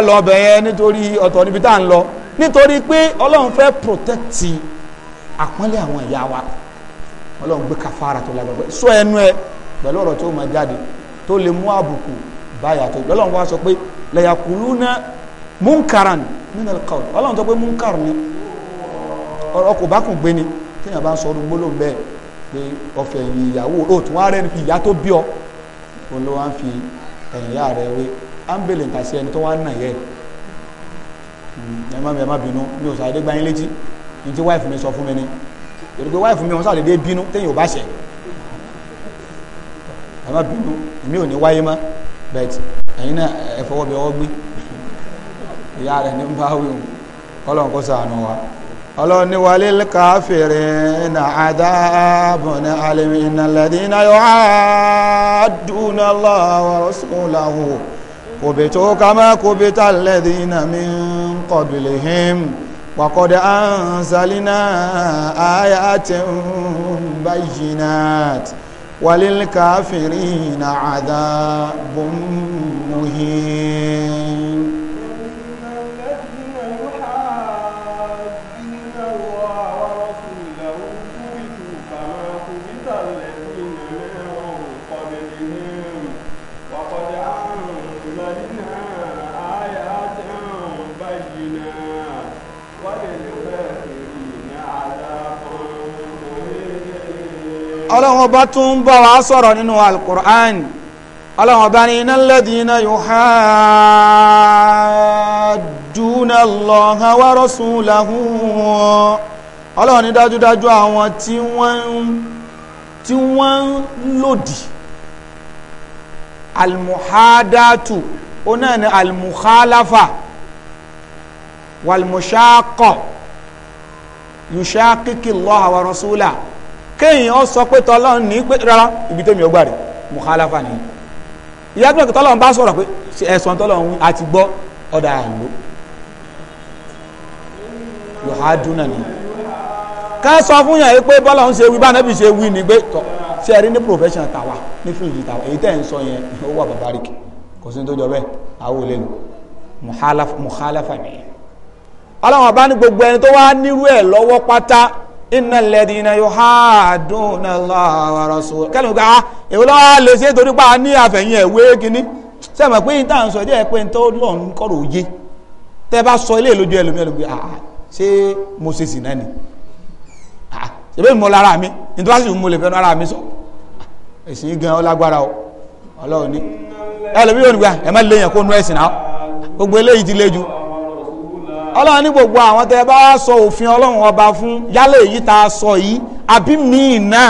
lọ ọbẹ̀ yẹn nítorí ọ̀tọ̀ níbi tá à ń lọ nítorí pé ọlọ́run fẹ́ protect àpọ́nlé àwọn wa ọlọ́run gbé kàfàrà tó sọ ẹnu ẹ pẹ̀lú ọ̀rọ̀ tó máa jáde tó lè mú àbùkù báyà tó lọ́lọ́run wá sọ pé layakuluna munkaran min alqawl ọlọ́run sọ pé munkar ni ọ̀rọ̀ kò bá kùn gbé ni téèyàn bá ń sọ ọdún gbólóhùn bẹ́ẹ̀ pé ọ̀fẹ́ ẹ̀yìn ìyàwó o tún wá rẹ̀ ní ìyá tó bí ọ òun ló wá ń fi ẹ̀yìn yá rẹ̀ wé á ń bèlè nǹkan sí ẹni tó wá ń nà yẹ ẹ má ẹ má bínú mi ò sàdédé gbáyín létí ní tí wáìfù mi sọ fún mi ni èrò wáìfù mi wọn sàdédé bínú téèyàn ò bá ṣẹ̀ ẹ má bínú èmi ò ní wáyé mọ́ bẹ́ẹ̀ ẹ̀yin náà ẹ fọwọ́ bí ọwọ́ gbé ìyá rẹ̀ ní bá wí ọlọ́run kó ṣàánú wa ọlọ́run ní walil kafirina adhabun alim innal ladhina yu'adduna Allaha wa rasulahu kubitu kama kubita alladhina min qablihim wa qad anzalna ayatin bayyinat وللكافرين عذاب مهين ọlọ́run ọba tún ń bọ̀ wá sọ̀rọ̀ nínú alukur'an ọlọ́run ọba ní iná lẹ́dínà yuhadduna Allaha wa rasulahu ọlọ́run ní dájúdájú àwọn tí wọ́n ń lòdì almuhadatu onáà ní almukhalafa walmushaqa yushakiki Allaha kéèyàn sọ pé tọ́lọ́run ní pé rárá ibi tẹ́mi ọgbà rẹ̀ muhalafa ni ìyá tó ń kí tọ́lọ́run bá sọ̀rọ̀ pé ẹ̀sán tọ́lọ́run àti gbọ́ ọ̀dà àlò yọ̀hádùnà ni ká sọ fún yàn pé bọ́lá ń ṣe wí bánábì ṣe wí ni pé tọ́ ṣe rí ní profession tàwa ní fíìlì tàwa èyí tẹ́ ń sọ yẹn ó wà bàbáríkì kò sí tó jọ bẹ́ẹ̀ àwọn olè nù muhalafa ni ọlọ́run ọba ní gbogbo ẹni tó wá nírú ẹ̀ lọ́wọ́ pátá iná lẹ́dí iná yóò há dùn lọ́wọ́rọ́ sọ kẹ́lẹ́ mi ká ah, èwo lọ́wọ́ lè ṣe torí pa ní àfẹ̀yìn ẹ̀wé kínní sẹ́mi pé ní táwọn sọ díẹ̀ pé ní tó lọ́ ń kọ́rọ̀ òye tẹ́ bá sọ ilé ìlójú ẹlòmí ẹlòmí ah ṣé mo ṣe sì náà ni ah ṣe bẹ́ẹ̀ mo lára mi ní tó bá sì mo lè fẹ́ nu ara mi sọ ah, ẹ̀sìn gan ọlágbára o ọlọ́run ní ẹlòmí yóò nígbà ẹ̀ má lè yàn kó nu ẹ̀sìn náà gbogbo eléyìí ti le jù ọlọ́run ní gbogbo àwọn tẹ́ bá sọ òfin ọlọ́run ọba fún yálẹ̀ èyí tá a sọ yìí àbí míì náà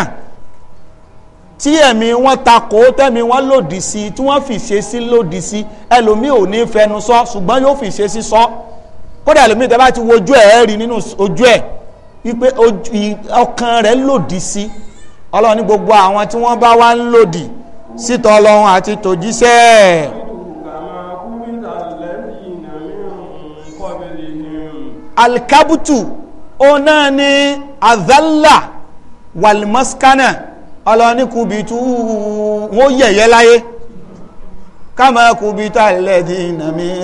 tí ẹ̀mí wọn takò tẹ̀mí wọn lòdì sí tí wọ́n fi ṣe sí lòdì sí ẹlòmíì ò ní fẹnu sọ ṣùgbọ́n yóò fi ṣe sí sọ kódà ẹlòmíì tẹ́ bá ti wojú ẹ̀ rí nínú ojú ẹ̀ wípé ọkàn rẹ̀ lòdì sí ọlọ́run ní gbogbo àwọn tí wọ́n bá wá ń lòdì sí tọ́lọ́run àti tòjíṣẹ́ ẹ̀. alkabutu òun náà ni azalla walmaskana ọlọ́ni kùbìtú wọ́n yẹ̀yẹ́ láyé káàmà kùbìtú alladhina min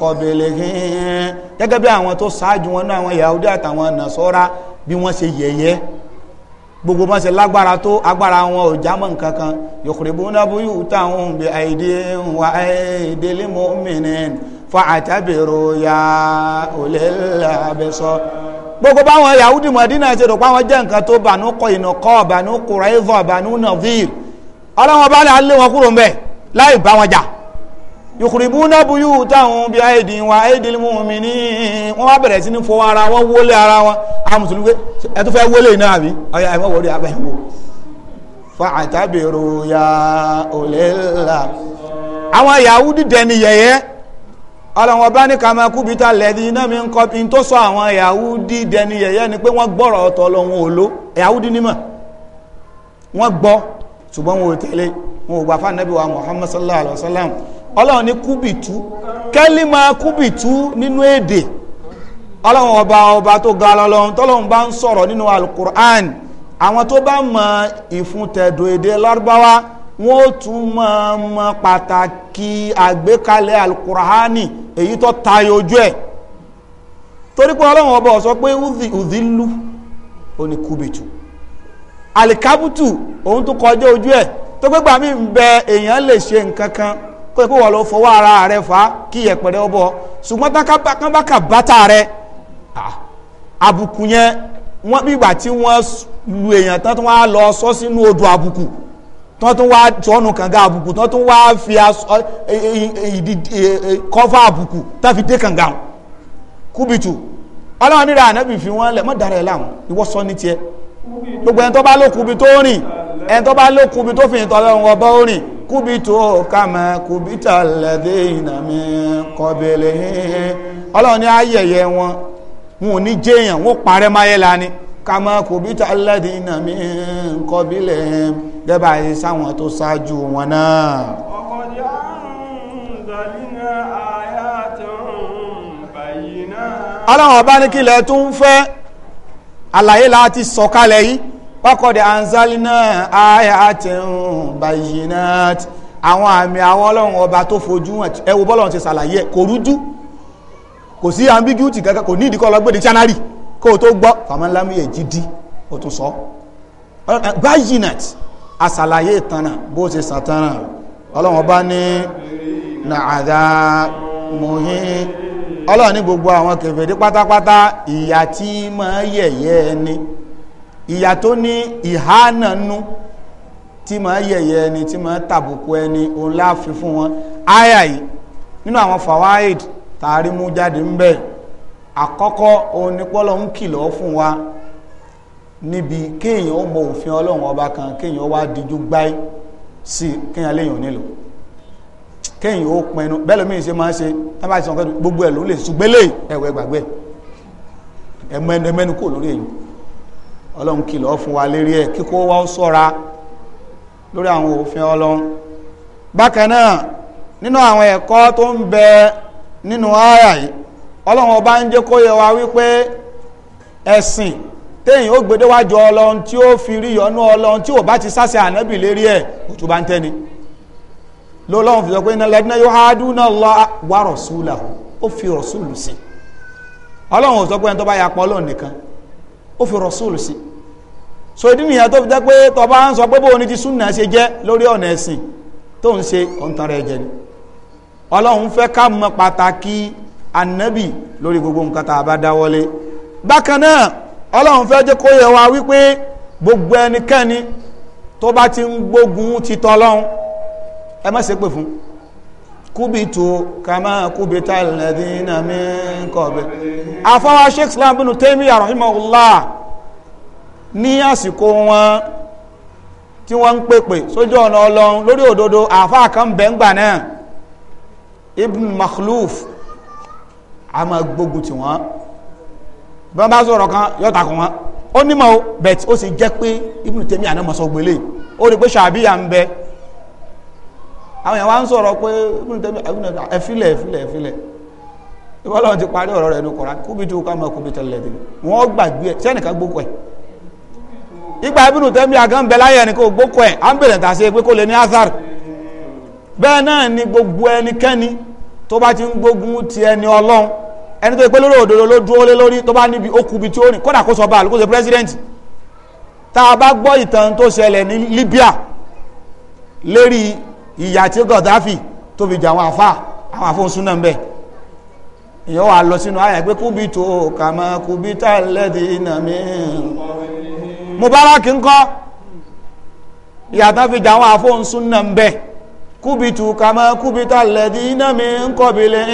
qablihim gẹ́gẹ́ bí àwọn tó ṣáájú wọn náà àwọn Yahudi àtàwọn Nasara bí wọ́n ṣe yẹ̀yẹ́ gbogbo bá ṣe lágbára tó agbára wọn ò jámọ́ nǹkan kan yukhribuna buyutahum bi aydihim wa aydil mu'minin fa'atabiru ya ulil absar gbogbo báwọn yahudi mọ̀dínà ṣe rò páwọn jẹ́ nǹkan tó bànú kọ ìnàkọ́ bànú kùrẹ́vọ̀ bànú nàvír ọlọ́wọ́n bá náà lé wọn kúrò mbẹ̀ láì bá wọn jà yukhribuna buyutahum bi aidin wa aidil mu'minin wọ́n wá bẹ̀rẹ̀ sí ní fọwọ́ ara wọn wọlé ara wọn a mùsùlùmí ẹ tó fẹ́ wọlé náà bí ọyà ẹ wọ́n wọlé abẹ́ wò fa'atabiru ya ulil àwọn yahudi dẹni yẹ̀yẹ́ ọlọ́run ọba ní kàmá kúbítà lẹ́dí iná mi ń kọ́ in tó sọ àwọn yahudi dẹni yẹ̀yẹ́ ni pé wọ́n gbọ́rọ̀ ọ̀tọ̀ lọ́wọ́n òló yahudi nímọ̀ wọ́n gbọ́ ṣùgbọ́n wọn ò tẹ̀lé wọn ò gbà fún anabi wa muhammad sallallahu alayhi wa sallam ọlọ́run ní kúbìtú kẹ́límà kúbìtú nínú èdè ọlọ́run ọba ọba tó ga lọ́lọ́run tọ́lọ́run bá ń sọ̀rọ̀ nínú alukur'an àwọn tó bá mọ ìfúntẹ̀dọ̀ èdè lárúbáwá wọ́n ó tún máa mọ pàtàkì àgbékalẹ̀ alukurahani èyí tó tayọ ojú ẹ̀ torí pé ọlọ́run ọba ó pé ùdílù oníkúbìtù alikabutu òun tó kọjá ojú ẹ̀ tó pé gbàmí ń bẹ èèyàn lè ṣe nǹkan kan kó ikú wọ̀ lọ fọwọ́ ara rẹ̀ fà á kí ìyẹ̀pẹ̀rẹ̀ ọbọ̀ ṣùgbọ́n tán bàtà rẹ̀ àbùkù yẹn wọ́n bí ìgbà tí wọ́n lu èèyàn tán tó wọ́n á lọ sọ sínú odò àbùkù. tí wọ́n tún wá sọ́nù kànga àbùkù tí wọ́n tún wá fi kọ́fà àbùkù tá fi dé kànga kúbìtù ọlọ́run níra ànábì fi wọ́n lẹ̀ mọ́ dára ẹ̀ láwọn sọ ní gbogbo ẹni tó bá lókùbi tó rìn ẹni tó bá tó rìn lẹ́dẹ́ ìnàmí ní ayẹyẹ wọn wọn ò ní jẹ́yàn wọn parẹ́ kàmọ́ kò bí tó aládìínà mi ń kọ́ bílẹ̀ gẹ́bà yìí sáwọn tó ṣáájú wọn náà aláwọ̀ bá ní kílẹ̀ tó ń fẹ́ àlàyé láti sọ̀kalẹ̀ yìí pákọ̀dẹ̀ anzalina ayatin bayinat àwọn àmì àwọn ọlọ́run ọba tó fojú ẹwọ bọ́lọ̀ ti ṣàlàyé kò rújú kò sí ambiguity kankan kò ní ìdíkọ́ ọlọ́gbẹ̀dẹ̀ chanari kó o tó gbọ́ fàmílámìyẹ jídí o tún sọ báyìnàt àsàlàyé ìtanà bó ṣe sàtànà ọlọ́wọ́n bá ní nàádá mohin ọlọ́wọ́n ní gbogbo àwọn kèfèrí pátápátá ìyà tí máa yẹ̀yẹ́ ẹni ìyà tó ní ìhánànú tí máa yẹ̀yẹ́ ẹni tí máa tàbùkù ẹni òun láàfin fún wọn áyà yìí nínú àwọn fàwáìd tààrí mú jáde ń bẹ́ẹ̀ Akọkọ òun ni pọ́lọ̀ kìlọ̀ fún wa níbi kéèyàn ó mọ òfin ọlọ́run ọba kan kíyàn ó wá dijú gbáì sí kíyàn léèyàn nílò kíyàn ó pẹnu bẹ́ẹ̀ lómi ṣe máa ti gbogbo ẹ̀ ló lè ṣùgbélé kò lórí èyí ọlọ́run kìlọ̀ fún wa lérí ẹ̀ kíkó wá sọ́ra lórí àwọn òfin ọlọ́run bákan náà nínú àwọn ẹ̀kọ́ tó ń ọlọ́run ọba ń jẹ́ kó yẹ wa wípé ẹ̀sìn téyìn ó gbedéwájú ọlọ́run tí ó fi rí yọnú ọlọ́run tí ò bá ti sáṣẹ ànábì lérí ẹ̀ òtún bá ń tẹ́ni lọ́lọ́run fi sọ pé ó fi sí ọlọ́run ò sọ pé bá ya pa ọlọ́run nìkan ó fi rọ̀súlù sí so ìdí nìyẹn tó fi jẹ́ pé tó bá ń sọ pé bóun anabi lórí gbogbo nǹkan tá a bá dáwọ́lé bákan náà ọlọ́run fẹ́ jẹ́ kó yẹ wa wípé gbogbo ẹnikẹ́ni tó bá ti ń gbógun ti tọ́lọ́run ẹ má ṣe pè fún kúbìtù kàmá kúbìtà alladhina min qabl afáwá sheikh islam bin Taymiyyah rahimahullah ní àsìkò wọn ibn makhluf a máa gbógun tì wọ́n bí wọ́n bá sọ̀rọ̀ kan yóò takò wọ́n ó nímọ̀ o bẹ̀t ó sì jẹ́ pé Ibn Taymiyyah àná mọ̀sọ̀ gbélé ó rí pé ṣàbíyà ń bẹ àwọn èèyàn wá ń sọ̀rọ̀ pé Ibn Taymiyyah ẹ̀fílẹ̀ ẹ̀fílẹ̀ ẹ̀fílẹ̀ ìwọ́lọ́wọ́ ti parí ọ̀rọ̀ rẹ̀ ní Kùránì kúbi tí ó ká máa kúbi tẹ̀lẹ̀ dì wọ́n gbàgbé ẹ̀ sẹ́nìkan gbókò ẹ̀ ìgbà Ibn Taymiyyah àgán bẹ láyé ẹnì kó gbókò ẹ̀ à ń bèrè tà sí pé kó lè ní azar bẹ́ẹ̀ náà ni gbogbo ẹnikẹ́ni tó bá ti ń gbógun ti ẹni ọlọ́run ẹni tó yẹ pé lórí òdodo ló dúró lé lórí tó bá níbi okùbi tí ó rìn kódà kó sọ bá àlùkò ṣe pírẹsidẹ́ǹtì tá a bá gbọ́ ìtàn tó ṣẹlẹ̀ ní Libya lérí ìyà tí Gaddafi tó fi jà àwọn àfa àwọn àfọ̀nsún náà ń bẹ èyàn wà lọ sínú ayà pé kúbi tó kàmá kúbi tá lẹ́dí iná mi Mubarak ńkọ́ ìyà tó fi jà àwọn àfọ̀nsún náà ń kúbitù kàmá kúbità lẹ́dí iná mi ń kọ́bílẹ̀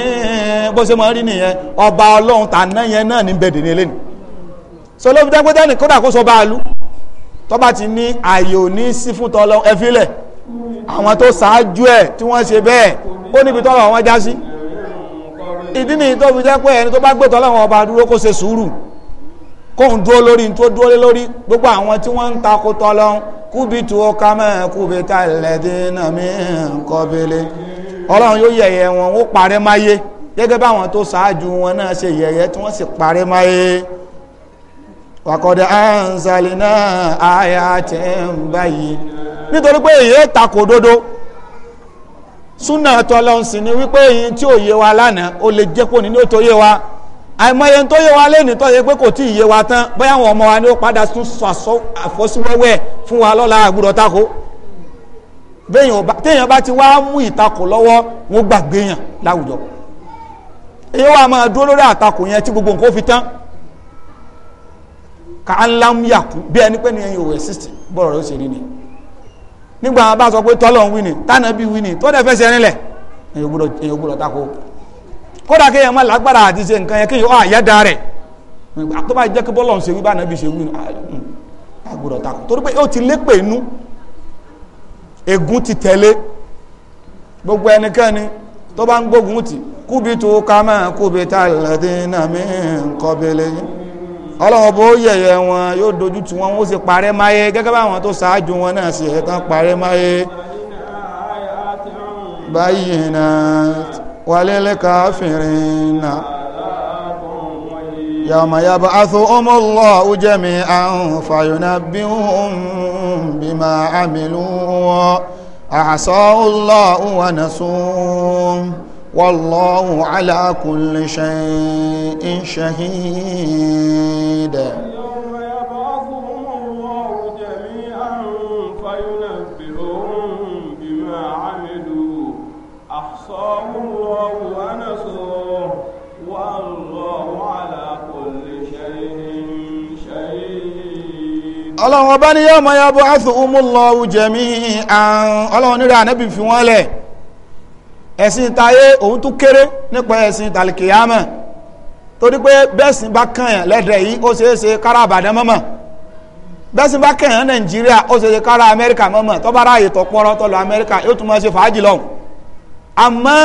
bó ṣe mọ́ rí nìyẹn ọba ọlọ́run tàná yẹn náà ní bẹ̀dẹ̀ ní eléni so ló fi jẹ́ pé tẹ́nì kódà kó so bá a lú tọ́ba ti ní ààyè ò ní sí fún tọ́lọ ẹfílẹ̀ àwọn tó ṣáájú ẹ̀ tí wọ́n ṣe bẹ́ẹ̀ ó níbi tọ́lọ àwọn já sí ìdí nìyí tó fi jẹ́ pé ẹni tó bá gbé tọ́lọ àwọn ọba dúró kó ṣe sùúrù kóhùn dúró lórí tó dúró lé lórí gbogbo àwọn tí wọ́n ń takò tọ́lọ́n kúbi tó ọkà mẹ́rin kúbi ká lẹ́dínà mí nǹkan ọlọ́run yóò yẹ̀yẹ̀ wọn ó parẹ́ máyé gẹ́gẹ́ báwọn tó ṣáájú wọn náà ṣe yẹ̀yẹ́ tí wọ́n sì parẹ́ máyé wàkọ̀dẹ̀ ansali náà àyà ti ń báyìí nítorí pé èyí takò dodo súnà tọ́lọ́n ni wípé èyí tí ò yé wa lánàá ó lè jẹ́ kó ní ní ó tó yé wa. àìmọye tó yé wa lẹ́nu tó yẹ pé kò tí ì yé wa tán bóyá àwọn ọmọ wa ni ó padà tún sọ àfọ́síwẹ́wẹ́ fún wa lọ́la àgbúrọ̀ tako téèyàn bá ti wá mú ìtakò lọ́wọ́ wọn gbàgbé yàn láwùjọ èyí wà máa dúró lórí àtakò yẹn tí gbogbo nǹkan fi tán ká ńlá ń yàkú bí ẹni pé nìyẹn yóò exist bọ́ọ̀rọ̀ ló ṣe rí ni nígbà wọn bá sọ pé tọ́lọ̀ ń wí ni tánà bí wí ni tó dẹ̀ fẹsẹ̀ rinlẹ̀ èyí ò gbọ́dọ̀ tako kódà kéèyàn má lágbára àti ṣe nǹkan yẹn kéèyàn ó ah, àyẹ́dá rẹ̀ tó jẹ́ kí bọ́lọ̀ ń ṣe wí bá nàbí ṣe wí nù àgbọ̀dọ̀ ah, hmm, torí pé ó ti lépè inú ti tẹ̀lé gbogbo ẹnikẹ́ni tó bá ń gbógun tì kúbi tó ká kúbi tá mí bó yẹ̀yẹ̀ wọn yóò dojú wọn ó sì وللكافرين يوم يبعثهم الله جميعا فينبئهم بما عملوا أعصاه الله ونسوه والله على كل شيء شهيد ọlọ́run ọba ní yọ́mọ ya bọ́ áṣù umúlọ́wù jẹ̀mí àrùn ọlọ́run nílẹ̀ ànábì fi wọ́n lẹ̀ ẹ̀sìn tayé òun tún kéré nípa ẹ̀sìn tàlìkìyàmọ̀ torí pé bẹ́sìn bá kànyàn lẹ́dẹ̀ yìí ó ṣeéṣe kára àbàdàn mọ́mọ́ bẹ́sìn bá kànyàn nàìjíríà ó ṣeéṣe kára amẹ́ríkà mọ́mọ́ tó bá ráàyè tó pọ́nrọ́ tó lọ amẹ́ríkà yóò tún máa ṣe fàájì lọ́hùn àmọ́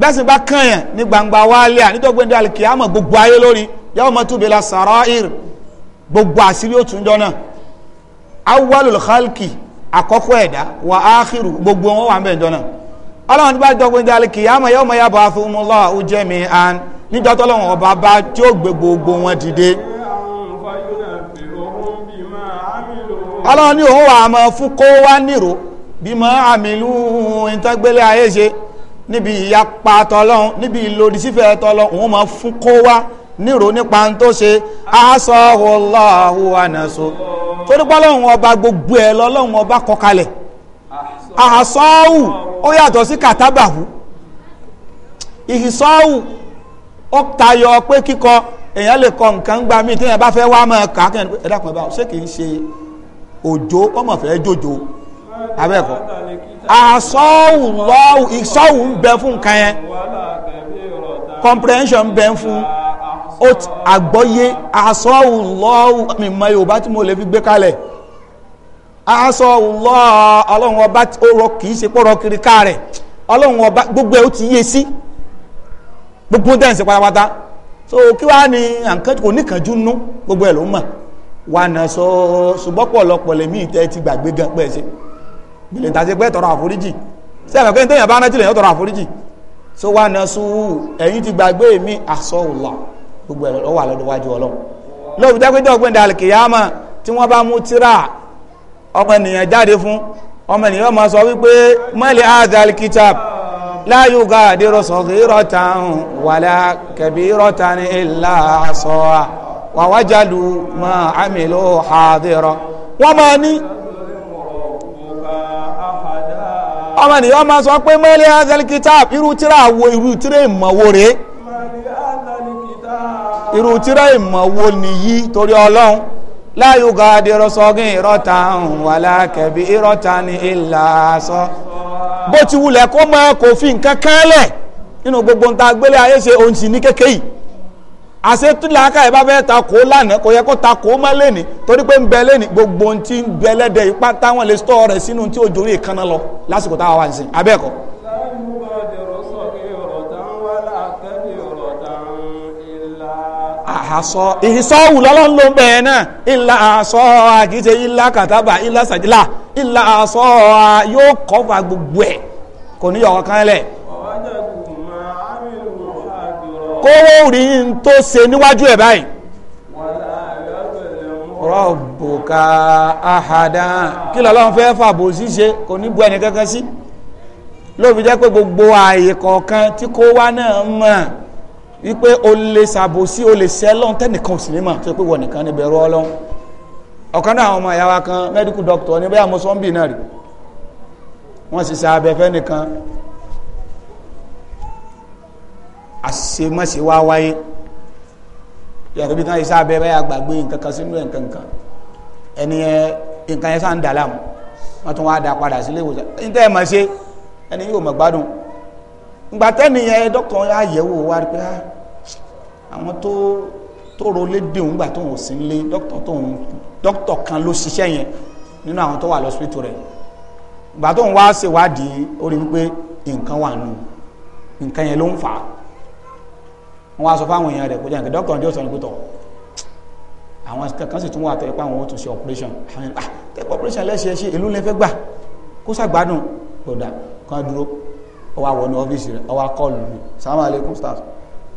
bẹ́sìn bá kànyàn ní gbangba wálé nítorí pé tàlìkìyàmọ̀ gbogbo ayé lórí yàwó mọ́tò bẹ́ẹ̀ la sàrọ́ ìr gbogbo àṣírí ó tún jọ náà awalul khalki akọkọ ẹ̀dá wà áàkìrù gbogbo wọn wà ń bẹ̀ ọlọ́run ti bá dọ́gbọ́n jalè kìyàmọ̀ yóò mọ̀ yàbọ̀ afúnmọ́lá ujẹ́mi an níjọ́ tọ́lọ́run ọba bá tí ó gbé gbogbo wọn dìde ọlọ́run ní òun wà fún kó wá nírò bí àmìlú ìtọ́gbélé ayé ṣe níbi ìyapa tọ́lọ́run níbi ìlòdì sífẹ́ òun fún kó wá nírò nípa tó ṣe torí pé ọlọ́run ọba gbogbo ẹ̀ lọ́lọ́run ọba kọ kalẹ̀ àhàsọ́ọ̀hù ó yàtọ̀ sí kàtàbàhù ìhìsọ́ọ̀hù ó tayọ pé kíkọ èèyàn lè kọ nǹkan gbà míì tí èèyàn bá fẹ́ wá máa kà á kẹ́hìn ẹ dákun ẹ bá ṣé kì ṣe òjò ọmọ fẹ́ jòjò abẹ́ẹ̀kọ́ àhàsọ́ọ̀hù lọ́ọ̀hù ìsọ́ọ̀hù ń bẹ fún nǹkan yẹn comprehension ń bẹ fún àgbọ́yé asọ́ọ̀lọ́ mímọ yorùbá tí mo lè fi gbé kalẹ̀ asọ́ọ̀lọ́ ọlọ́run ọba ó rọ kìí ṣe pọ́rọ kiri ká rẹ̀ ọlọ́run ọba gbogbo ẹ̀ ó ti yé sí gbogbo dẹ́ǹsì pátápátá so kí wàá ní kò níkànjú nú gbogbo ẹ̀ ló mọ̀ wà nà sọ ṣùgbọ́n pọ̀lọpọ̀ lèmi ìtẹ́ ti gbàgbé gan pẹ̀ ṣe gbèlè tàṣe pẹ́ tọrọ àforíjì sẹ́yìn pé tẹ́yìn bá rántí lèyàn tọrọ àforíjì so wà nà sùn ẹ̀yìn ti gbàgbé mi àsọ̀ọ̀lọ́ gbogbo ẹ̀ lọ́wọ́ àlọ́dọ̀ wájú ọlọ́run lóòbí dákúndé ọ̀gbìn dàlùkìyàmà tí wọ́n bá mú tíra ọmọ ènìyàn jáde fún ọmọ ènìyàn máa sọ wípé mali azal kitab la yugadiru saghiratan wala kabiratan illa ahsaha wa wajalu ma amilu hadira wọ́n máa ní ọmọ ènìyàn máa sọ pé mali azal kitab irú tíra wo irú tíra ìmọ̀wó rèé irú tíra ìmọ̀ wo nìyí torí ọlọ́run láyò gáàdì rọ́sọ́gìn ìrọ́ta wà lákẹ̀bí ìrọ́ta ní ìlà sọ bó ti wulẹ̀ kó máa kò fi nǹkan kánlẹ̀ nínú gbogbo nta gbélé ayé ṣe ohun sì ní kéke yìí àṣetúlẹ̀ aká ẹ̀ bá fẹ́ ta kó lánàá kò yẹ kó ta kó má lẹ́ni torí pé ń bẹ lẹ́ni gbogbo ohun tí ń bẹ lẹ́dẹ̀ ipá táwọn lè sọ rẹ̀ sínú tí òjò rí ìkànnà lọ lásìkò táwa wà nísìnyí abẹ́ẹ̀kọ́. láyò gáàdì àṣọ ìṣọ́wù lọ́lọ́n ló ń bẹ̀ẹ́ náà ìlà àṣọ àkíṣe ìlà kàtàbà ìlà sàjìlà ìlà àṣọ yóò kọ́fà gbogbo ẹ̀ kò ní yọ̀kọ̀ kan lẹ̀ kówó rí n tó ṣe níwájú ẹ̀ báyìí rọ́bùkà àhàdá kí lọ́lọ́run fẹ́ fàbò ṣíṣe kò ní bu ẹni kankan sí ló fi jẹ́ pé gbogbo ààyè kọ̀ọ̀kan tí kó wá náà mọ̀ wípé o lè ṣàbòsí o lè ṣẹ́ lọ́n tẹ́nìkan sì ní mà tó pé wọ̀ nìkan ní bẹ̀rù ọlọ́run ọ̀kan náà àwọn ọmọ ìyá wa kan medical doctor ní bẹ́ẹ̀ àmọ́sọ́ ń bì náà rí wọ́n sì ṣe abẹ́fẹ́ nìkan àṣemọ́ṣe wá wáyé yàtọ̀ bí kan ṣe abẹ́ bẹ́ẹ̀ àgbàgbé nǹkan kan sínú ẹ̀ nǹkan ẹni ẹ nǹkan yẹn sáà ń wọ́n tún wá dá padà sílé ìwòsàn ní tẹ́ ẹ̀ mọ̀ ṣe ẹni yóò mọ̀ gbádùn ìgbà tẹ́nìyàn dọ́kàn àyẹ̀wò wa rí pé ah, àwọn tó tó rolé dé òun gbà tóun ò sí nílé dókítà tóun dókítà kan ló ṣiṣẹ́ yẹn nínú àwọn tó wà lọ́sípítù rẹ̀ ìgbà tóun wá ṣèwádìí ó rí wípé nǹkan wà nù nǹkan yẹn ló ń fà á wọ́n wá sọ fáwọn èèyàn rẹ̀ kó jẹ́ nǹkan dókítà ọ̀dẹ́ òsàn ìpótọ̀ àwọn kankan sì tún wà tẹ́ pé àwọn ó tún ṣe operation ah tẹ́ operation lẹ́sẹ̀ ṣe èlú lẹ́fẹ́ gbà kó ṣàgbádùn gbọ̀dà kan dúró ó wá wọnú ọ́fíìsì rẹ̀ ó wá kọ́ọ̀lù mi salamu alaikum staff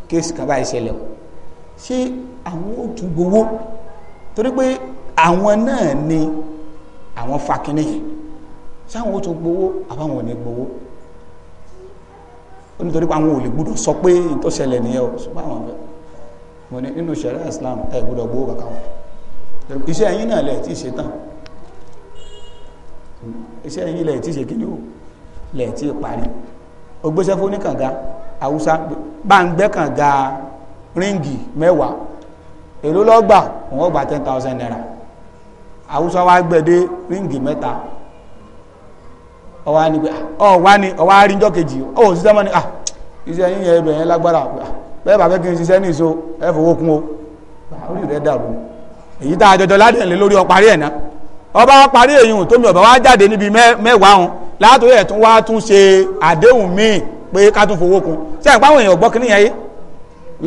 kéèsì kan báyìí ṣẹlẹ̀ o ṣé àwọn ò tún gbowó torí pé àwọn náà ni àwọn fakínì yẹn sáwọn ò tún gbowó àbáwọn ò ní gbowó ó nítorí pé àwọn ò lè gbúdọ̀ sọ pé tó ṣẹlẹ̀ nìyẹn o ṣùgbọ́n àwọn ọ̀fẹ́ mo ní nínú ṣẹ̀ríà Islam ẹ̀ gbúdọ̀ gbowó kàkà wọn iṣẹ́ ẹ̀yin náà lẹ̀ tí ì ṣe tán iṣẹ́ ẹ̀yin lẹ̀ tí ì ṣe kí o lẹ̀ tí parí ó gbéṣẹ́ fún ní kànga haúsá bá ń gbẹ́ kànga ríǹgì mẹ́wàá èló lọ́gbà òun gba ten thousand naira haúsá wa gbẹ̀dé ríǹgì mẹ́ta ọwá ni pé ọwá ah, ni ọwá ríjọ́ kejì ó ṣiṣẹ́ mọ́ ni ah iṣẹ́ yín yẹn ibẹ̀ yẹn lágbára bẹ́ẹ̀ ah, bàbá kí n ṣiṣẹ́ ní e ìṣó ẹ fowó kún o orí rẹ̀ dàrú èyí tá a jọjọ ládìrẹ̀ lórí ọparí ẹ̀ e náà ọba parí èyàn tó ọba wá jáde níbi mẹ́wàá hàn látòrí ẹ̀ wá tún ṣe àdéhùn míì pé ká tún fowó kun ṣe àgbà àwọn èèyàn gbọ́ kí nìyẹn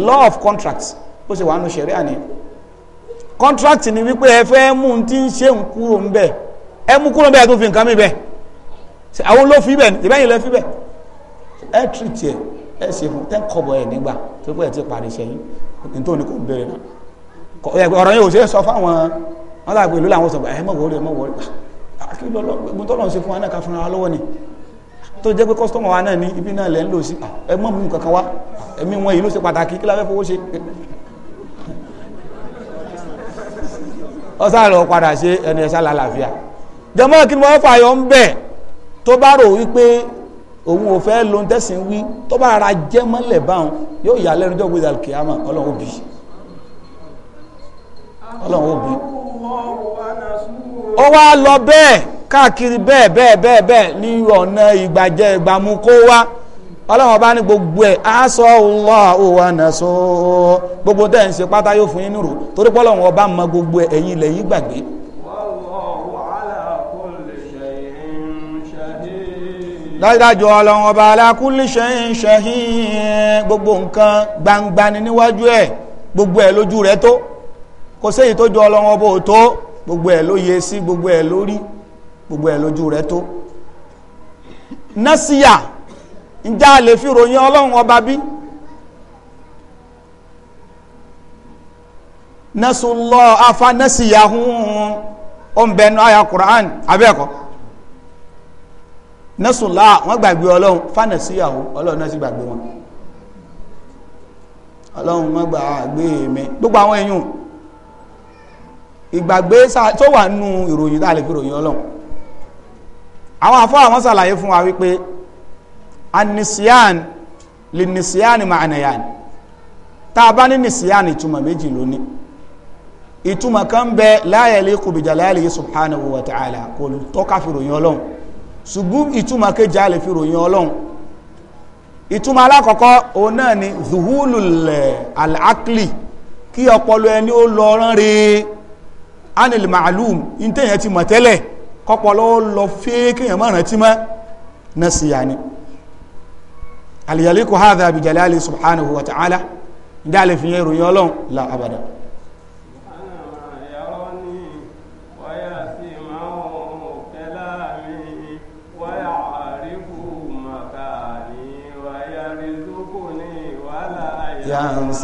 law of contract ó ṣe wà nù ṣẹ̀rí àní contract ni wípé ẹ fẹ́ mú un tí ń ṣe ń kúrò ń bẹ̀ ẹ mú kúrò ń bẹ̀ tó fi nǹkan mi bẹ̀ àwọn ló fi bẹ̀ ìbẹ́yìn lẹ́ fi bẹ̀ ẹ treat ẹ ẹ ṣe fún tẹ́ kọ̀bọ̀ ẹ nígbà tó pẹ́ ẹ ti parí ṣẹ́yìn nítorí kò ń bẹ̀rẹ̀ ọ̀rọ̀ yẹn ò ṣe é sọ fáwọn wọ́n láàgbé ìlú làwọn sọ̀gbà ẹ̀ mọ̀wọ́rí mọ̀wọ́rí gbogbo tọ́lọ̀ ń ṣe fún wa náà ká fúnra lọ́wọ́ ni tó jẹ́ pé kọ́sítọ́mọ̀ wa náà ní ibi náà lẹ́ ń lò sí ah, ẹ mọ̀ mú kankan wá ah, ẹ̀mí wọn yìí ló ṣe pàtàkì kí la fẹ́ fowó ṣe ọ̀sán lọ padà ṣe ẹni ẹ̀ṣá lálàáfíà jọmọ́ kí ni wọ́n fàyọ ń bẹ̀ tó bá rò wípé òun ò fẹ́ lo tẹ̀sìn wí tó bá ra jẹ́ mọ́lẹ̀ báwọn yóò yà lẹ́nu jọ́ gbé ọlọ́run ó bí ó wá lọ bẹ́ẹ̀ káàkiri bẹ́ẹ̀ bẹ́ẹ̀ bẹ́ẹ̀ bẹ́ẹ̀ ní ọ̀nà ìgbàjẹ́ ìgbàmú kó wá ọlọ́run ọba ní gbogbo ẹ̀ á sọ ọlọ́ òwò àná sọ gbogbo tẹ́ ń ṣe pátá yóò fún yín nírò torí pé ọlọ́run ọba mọ gbogbo ẹ̀ ẹ̀yin ilẹ̀ yìí gbàgbé. dájúdájú ọlọ́run ọba alákúlé ṣẹ́yìn ṣẹ́yìn gbogbo nǹkan gbangba ni níwájú ẹ̀ gbogbo ẹ̀ lójú rẹ̀ tó kò séyìí tó ju ọlọ́wọ́ bó tó gbogbo ẹ̀ ló yẹ sí gbogbo ẹ̀ lórí gbogbo ẹ̀ lójú rẹ̀ tó násíyà ǹjẹ́ a lè fi ròyìn ọlọ́run ọba bí násùlọ afánásíyà hún ó àyà Qur'an abẹ́ẹ̀kọ́ násùlọ wọ́n gbàgbé ọlọ́run fánásíyà hún ọlọ́run náà sì gbàgbé wọn ọlọ́run gbàgbé mi gbogbo àwọn èèyàn ìgbàgbé tó wà nù ìròyìn tá a lè fi ròyìn ọlọ́run àwọn afọ àwọn ṣàlàyé fún wa wípé anisiyan lè nisiyan ma'anayan tá a bá ní nisiyan ìtumọ̀ méjì lónìí ìtumọ̀ kan bẹ láyẹ̀lẹ́ kùbìjà láyẹ̀lẹ́ subhanahu wa ta'ala kò tọ́ka fi ròyìn ọlọ́run ṣùgbọ́n ìtumọ̀ kejì a lè fi ròyìn ọlọ́run ìtumọ̀ alákọ̀ọ́kọ́ òun náà ni zuhulul al'akli kí ọpọlọ ẹni ó lọ rán rèé anil ma'lum ntẹ̀yẹn ti mọ̀ tẹ́lẹ̀ kọ́pọ̀lọ́ lọ fẹ́ kéèyàn má rántí mọ́ nasiya ni aliyaliku hadha bi jalali subhanahu wa ta'ala ǹjẹ́ fi yẹn ròyìn la abada. yàns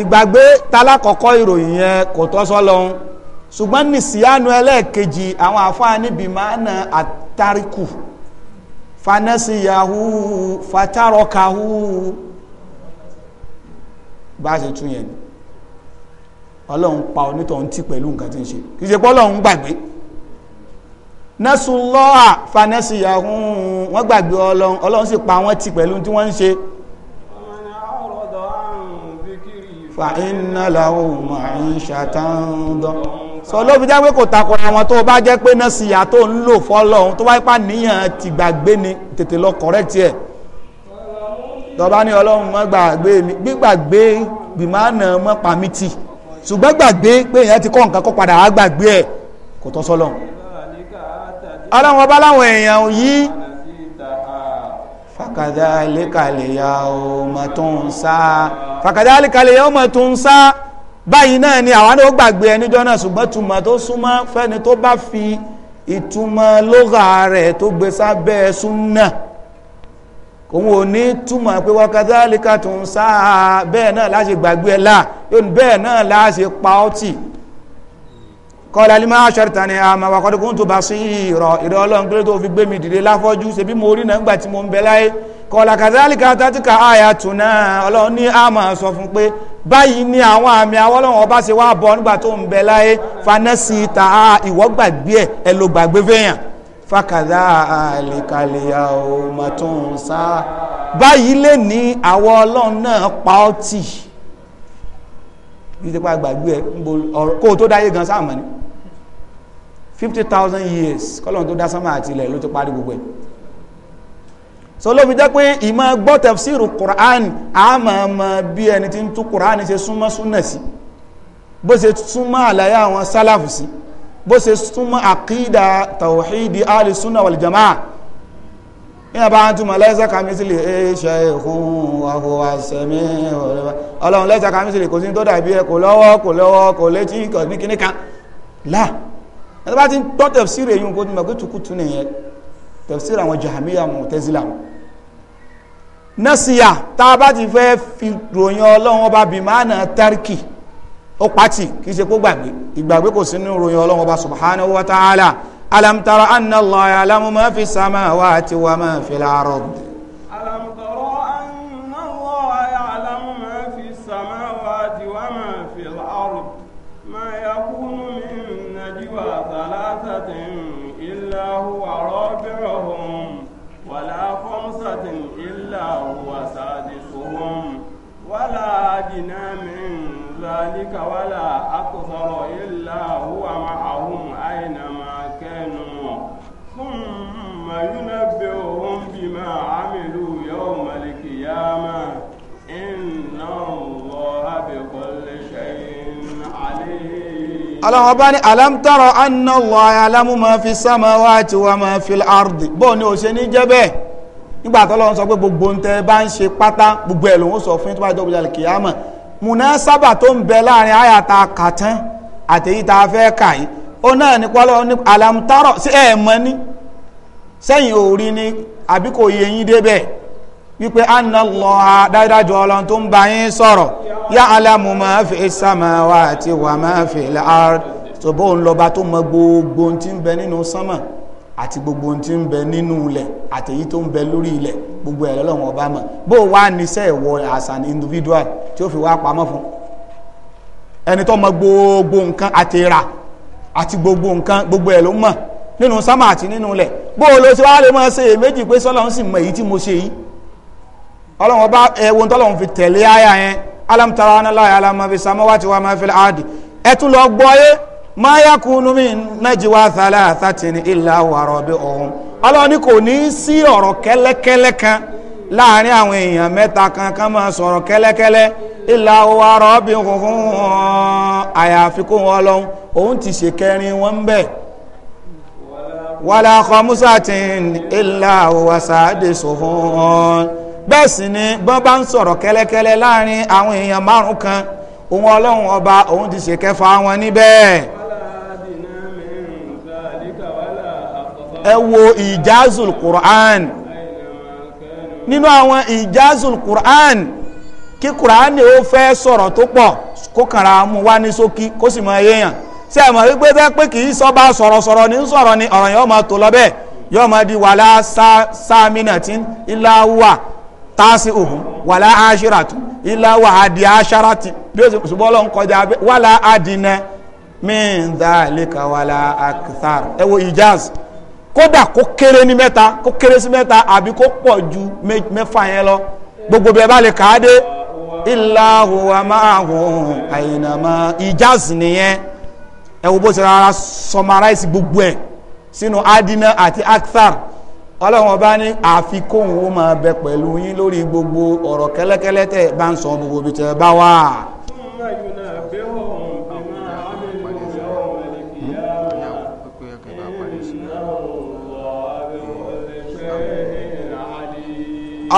ìgbàgbé talákọ̀ọ́kọ́ ìròyìn yẹn kò tọ́ sọ́lọ́hún ṣùgbọ́n nìsíyánu ẹlẹ́ẹ̀kejì àwọn àfáà níbi máa na àtàríkù fanẹ́síyàhú fatárọ́kàhú bá a ṣe tún yẹn ni ọlọ́run pa onítọ̀hún tì pẹ̀lú nǹkan tí ń ṣe kì í ṣe pé ọlọ́run gbàgbé nẹ́sùn lọ́à fanẹ́síyàhú wọ́n gbàgbé ọlọ́run ọlọ́run sì pa wọ́n tì pẹ̀lú tí wọ́n ń ṣe fàínà làwọn màáṣà tán dán. sọ ló fi jẹ́ pé kò takò àwọn tó bá jẹ́ pé náà síyà tó ń lò fọ́lọ́hún tó wáyé pa níyàn ti gbàgbé ni tètè lọ kọ̀rẹ́tì ẹ̀. tọ́ba ní ọlọ́run mọ́ gbàgbé mi gbígbàgbé gbìmọ̀nà mọ́ pàmí tì ṣùgbọ́n gbàgbé pé èèyàn ti kọ́ nǹkan kó padà á gbàgbé ẹ̀ kò tọ́ sọ́lọ́hún. ọlọ́run ọba láwọn èèyàn yìí fakadhalika al-yawma tunsa fakadhalika al-yawma tunsa báyìí náà ni àwọn ó gbàgbé ẹnijọ́ náà ṣùgbọ́n túmọ̀ tó súnmọ́ fẹ́ni tó bá fi ìtumọ̀ lóga rẹ̀ tó gbé sábẹ́ súnà òun ò ní túmọ̀ pé wakadhalika tunsa bẹ́ẹ̀ náà láṣẹ gbàgbé ẹ̀ láà bẹ́ẹ̀ náà láṣẹ pa ọ́ tì kọ́lá lè máa ṣọ́rìtà ni àmà wà kọ́dùkún tó bá sí ìrọ̀ ìrọ̀ ọlọ́run kílé tó fi gbé mi dìde láfọ́jú ṣe bí mo rí náà gbà tí mo ń bẹ láyé kọ́lá kàzálìkà tátìkà àyà tùnà ọlọ́run ní àmà sọ fún pé báyìí ni àwọn àmì awọ́lọ́run ọba ṣe wá bọ́ nígbà tó ń bẹ láyé fanẹ́sì ta ìwọ́ gbàgbé ẹ̀ ẹ ló gbàgbé fẹ́yàn fàkàdá àlìkàlìyà ò mà tó ń sá báyìí lè ní àwọ ọlọ́run náà pa ọ́ tì kó o tó fifty thousand years kọ́lọ́n tó dá sánmà àti ilẹ̀ ló ti parí gbogbo ẹ̀ so ló fi jẹ́ pé ìmọ̀ gbọ́ tafsiru Qur'an àmàmà bí ẹni tí ń tú Qur'an ṣe súnmọ́ súnà sí bó ṣe súnmọ́ àlàyé àwọn sálàfù sí bó ṣe súnmọ́ àkídà tawhidi ali sunna wal jamaa ìyá bá ń túmọ̀ lẹ́sẹ̀ kàmísìlì ẹ̀ṣẹ̀ ìkún àhò àṣẹmí ọlọ́run lẹ́sẹ̀ kàmísìlì kò sí tó dàbí ẹ kò lọ́wọ́ kò lọ́wọ́ kò létí kò ní kíníkan láà ẹ̀tọ́ bá ti ń tọ́ tẹ̀fsírì èyí nǹkan tó mọ̀ pé tukutu nìyẹn tẹ̀fsírì àwọn jahamiya mọ̀tẹ́sílà nọ́síyà tá a bá ti fẹ́ fi ròyìn ọlọ́run ọba bimana tarki ó pàtì kì í ṣe kó gbàgbé ìgbàgbé kò sínú ròyìn ọlọ́run ọba subhanahu wa ta'ala alam anna Allah ya'lamu ma fi samawati wa ma fil ard alam ọlọ́run ọba ní alámtọ́rọ̀ anáwọ̀ alámú máa fi sáma wá àti wá máa fi àrùdì bó ni ò ṣe ní jẹ́ bẹ́ẹ̀ nígbà tọ́lọ́run sọ pé gbogbo ń tẹ́ bá ń ṣe pátá gbogbo ẹ̀ lòun sọ fún yín tó bá jọ gbogbo àlìkìyàmọ̀ múná sábà tó ń bẹ láàrin àyàtà kàtán àtẹ̀yí tá a ó náà ní pọ́lọ́ ní alámtọ́rọ̀ sí ẹ̀ mọ́ ní sẹ́yìn òòrí ni àbí kò yẹ yín débẹ̀ wípé anáwọ̀ dájúdájú ọlọ́run tó ń bá yín sọ̀rọ̀ ya'lamu ma fi samawati wa ma fi al-ard ṣùgbọ́n òun lọ́ba tó mọ gbogbo ohun tí ń bẹ nínú sánmà àti gbogbo ohun tí ń bẹ nínú ilẹ̀ àti èyí tó ń bẹ lórí ilẹ̀ gbogbo ẹ̀rọ ọba mọ̀ bó wà níṣẹ́ ìwọ as individual tí ó fi wá pamọ́ fún ẹni tó mọ gbogbo nǹkan àti ìrà àti gbogbo nǹkan gbogbo ẹ̀ ló mọ̀ nínú sánmà àti nínú ilẹ̀ bó o lọ sí wàá lè mọ ṣe èméjì pé sọ́lọ́run sì mọ èyí tí mo ṣe yìí ọlọ́wọ́n bá ẹ̀wọ̀n tọ́lọ́run fi tẹ̀lé áyà yẹn alam tara ana láyé alama fi samawati wa ma fi adi ẹ tún lọ gbọ́ yé ma yakunu min najwa thalathatin illa wa rabi'uhum ọlọ́run ni kò ní sí ọ̀rọ̀ kẹ́lẹ́kẹ́lẹ́ kan láàrin àwọn èèyàn mẹ́ta kan kan máa sọ̀rọ̀ kẹ́lẹ́kẹ́lẹ́ illa wa rabi'uhum àyàfi kó wọn lọ́hún òun ti ṣe kẹrin wọn ń bẹ̀ wala khamsatin illa wa sadisuhum. bẹ́ẹ̀ sì ni bọ́n bá ń sọ̀rọ̀ kẹ́lẹ́kẹ́lẹ́ láàrin àwọn èèyàn márùn kan òun ọlọ́run ọba òun ti ṣe kẹfà wọn níbẹ̀. ẹ wo ìjázul Qur'an nínú àwọn ìjázul Qur'an kí Qur'an ó fẹ́ sọ̀rọ̀ tó pọ̀ kó kànra mú wá ní ṣókí kó sì mọ èèyàn sí àmọ́ wípé bẹ́ẹ̀ pé kì í sọ bá sọ̀rọ̀ sọ̀rọ̀ ní sọ̀rọ̀ ní ọ̀rọ̀ yẹn máa tó lọ bẹ́ẹ̀ yóò máa di wàhálà sáàmìnà tí ńlá wà taasi uhun wàlá aṣíratu ilá wà adi aṣárati bí ó sì ṣùgbọ́n lọ́n kọjá wàlá adinẹ min dhalika wàlá akthar ẹ wo ijaz kódà kó kéré ní mẹ́ta kó kéré sí mẹ́ta àbí kó pọ̀ ju mẹ́fà yẹn lọ gbogbo bí bá lè kàá dé ìlàhùn amáhùn àyìnàmá ìjáàsì nìyẹn ẹ wo bó ṣe rárá summarize gbogbo ẹ sínú adina àti akthar ọlọ́run ọba ní àfi kóhun ó máa bẹ pẹ̀lú yín lórí gbogbo ọ̀rọ̀ kẹ́lẹ́kẹ́lẹ́ tẹ̀ bá ń sọ gbogbo ibi tẹ̀ bá wà.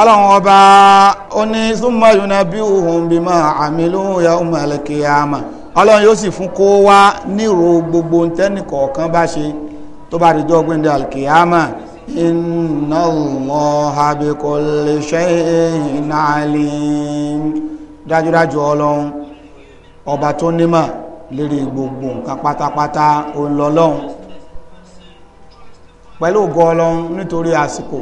ọlọ́run ọba ó ní súnmọ́ yúnà bí òhun bí mọ́ àmì lóhun ya ọmọ ẹlẹ́kẹ̀ẹ́ ọlọ́run yóò sì fún kó wá nírò gbogbo ntẹ́nìkọ̀ọ̀kan bá ṣe tó bá rí jọ́ gbẹ̀ndẹ̀ àlùkìyàmà إن الله بكل شيء عليم dájúdájú ọlọ́run ọba tó nímọ̀ lérí gbogbo nǹkan pátápátá olọ́lọ́run pẹ̀lú ògo ọlọ́run nítorí àsìkò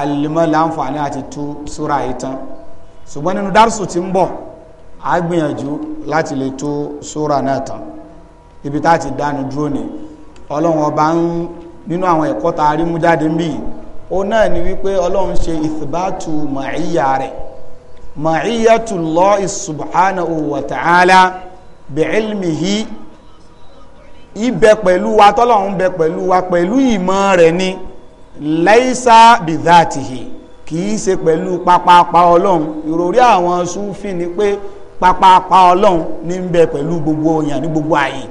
alìmọ́ láǹfààní àti tú súra ìtàn ṣùgbọ́n nínú dárùsù tí ń bọ̀ a gbìyànjú láti lè tú súra náà tán ibi tá ti dánu dúró ní ọlọ́run ọba ń nínú àwọn ẹ̀kọ́ tá a rí mú jáde ń bì yìí ó náà ni wípé ọlọ́run ṣe ìsìbátù màáyà rẹ̀ ma'iyatullahi subhanahu wa ta'ala bi'ilmihi ibẹ̀ pẹ̀lú wa tọ́lọ̀un bẹ pẹ̀lú wa pẹ̀lú ìmọ̀ rẹ̀ ni laisa bizatihi kìí ṣe pẹ̀lú pápápá ọlọ́run ìròrí àwọn súnfì ni pé pápápá ọlọ́run ní bẹ pẹ̀lú gbogbo èèyàn ní gbogbo ààyè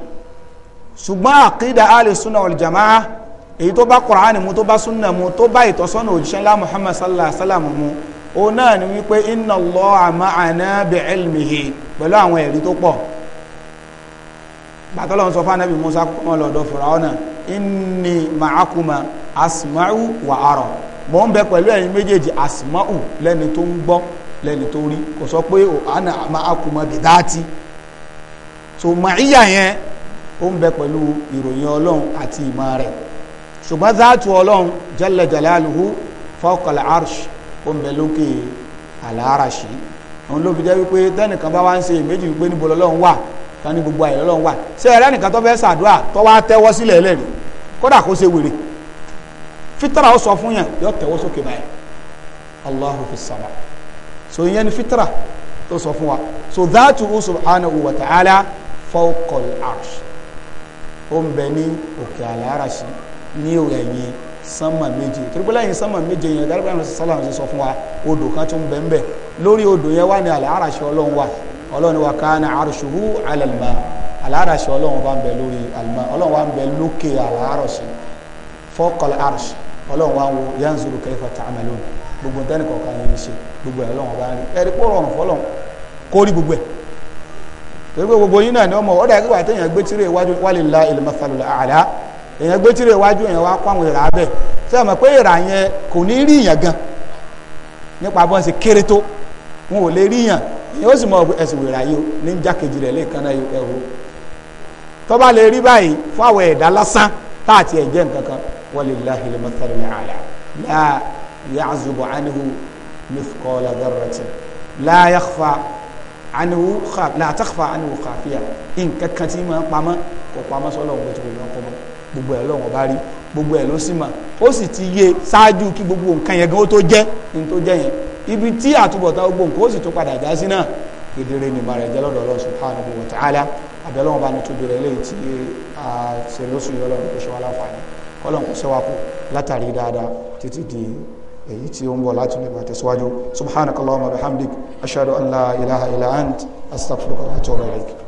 ṣùgbọ́n àkídà alìsúnà olùjàmáà èyí tó bá Kùránì mu tó bá súnà mu tó bá ìtọ́sọ́nà òjíṣẹ́ ńlá Muhammad sallallahu alaihi wa sallam mu ó náà ni wípé inna Allaha ma'ana bi'ilmihi pẹ̀lú àwọn ẹ̀rí tó pọ̀ bàtọ́lọ́ sọ fún anábì Musa kọ́mọ lọ́dọ̀ inni ma'akuma asma'u wa ara mò ń bẹ pẹ̀lú ẹ̀yin méjèèjì asma'u lẹ́ni tó ń gbọ́ lẹ́ni tó rí kò sọ pé ana ma'akuma màáyà yẹn ó ń bẹ pẹ̀lú ìròyìn ṣùgbọ́n záàtù ọlọ́run jalla jalaluhu fawqal arsh òǹbẹ̀ lókè àlàáràṣì òun ló fi jẹ́ wípé tẹ́nìkan bá wá ń ṣe ìméjì wípé níbo lọ́lọ́run wà tani gbogbo àyè lọ́lọ́run wà ṣé ẹ̀rẹ́ nìkan tó fẹ́ ṣàdúrà tó wá tẹ́wọ́ sílẹ̀ ẹlẹ́rìí kódà kó ṣe wèrè fitra ó sọ fún yàn yọ tẹ́wọ́ sókè báyìí allahu fi sama so ìyẹn ni fitra tó sọ fún wa so dáàtù ó subhanahu wa ta'ala fawqal arsh òǹbẹ̀ ní òkè àlàáràṣì ní ẹ̀yìn sánmà méje torí pé lẹ́yìn sánmà méje yẹn dárípẹ́ àwọn sálàm ti sọ fún wa odò kan tún bẹ́ẹ̀ bẹ́ẹ̀ lórí odò yẹn wà ní àlẹ́ àràṣẹ ọlọ́run wa ọlọ́run wa kana arshuhu ala alma àlẹ́ àràṣẹ ọlọ́run wa ń bẹ lórí alma ọlọ́run wa ń bẹ lókè àlẹ́ àràṣẹ fọ́kọ̀lẹ́ àràṣẹ ọlọ́run wa ń wo yanzuru kayfa ta'malun gbogbo ntẹ́ni kọ̀ọ̀kan yẹn ń ṣe gbogbo gbogbo ẹ̀ torí pé èèyàn gbé tìrẹ iwájú èèyàn wá kó àwọn ìrà abẹ ṣé ẹ mọ̀ pé ìrà yẹn kò ní rí yàn gan nípa bọ́n ṣe kéré tó wọn ò lè rí yàn èèyàn ó sì mọ ẹsùn ìrà yìí ní jákèjì rẹ̀ lẹ́ẹ̀kan náà yóò ẹ̀hó tó bá lè rí báyìí fún àwọn ẹ̀dá lásán tá àti ẹ̀jẹ̀ nǹkan kan walillahi al-mathalul a'la la ya'zubu anhu mithqala dharratin la yakhfa aniwu xa la takhfa xafiya nǹkan kan tí ma pamọ́ kò pamọ́ sọlọ ń bẹ tugu lọ gbogbo ẹ̀ lọ́wọ́n bá rí gbogbo ẹ̀ ló sì mọ̀ ó sì ti yé ṣáájú kí gbogbo nǹkan yẹn gan ó tó jẹ́ ní tó jẹ́ yẹn ibi tí àtúbọ̀tán gbogbo nǹkan ó sì tó padà já sí náà kedere ni bara jẹ́ lọ́dọ̀ Ọlọ́run subhanahu wa ta'ala abẹ́lọ́wọ́n bá ní tóbi rẹ̀ léyìí tí a ṣe lóṣù yìí Ọlọ́run kò ṣe wá láǹfààní kọ́lọ́n kò ṣẹ́wà kù látàrí dáadáa títí di èyí tí ó ń bọ̀ láti lè máa tẹ̀síwájú subhanakallahumma wa bihamdik ashhadu an la ilaha illa ant astaghfiruka wa atubu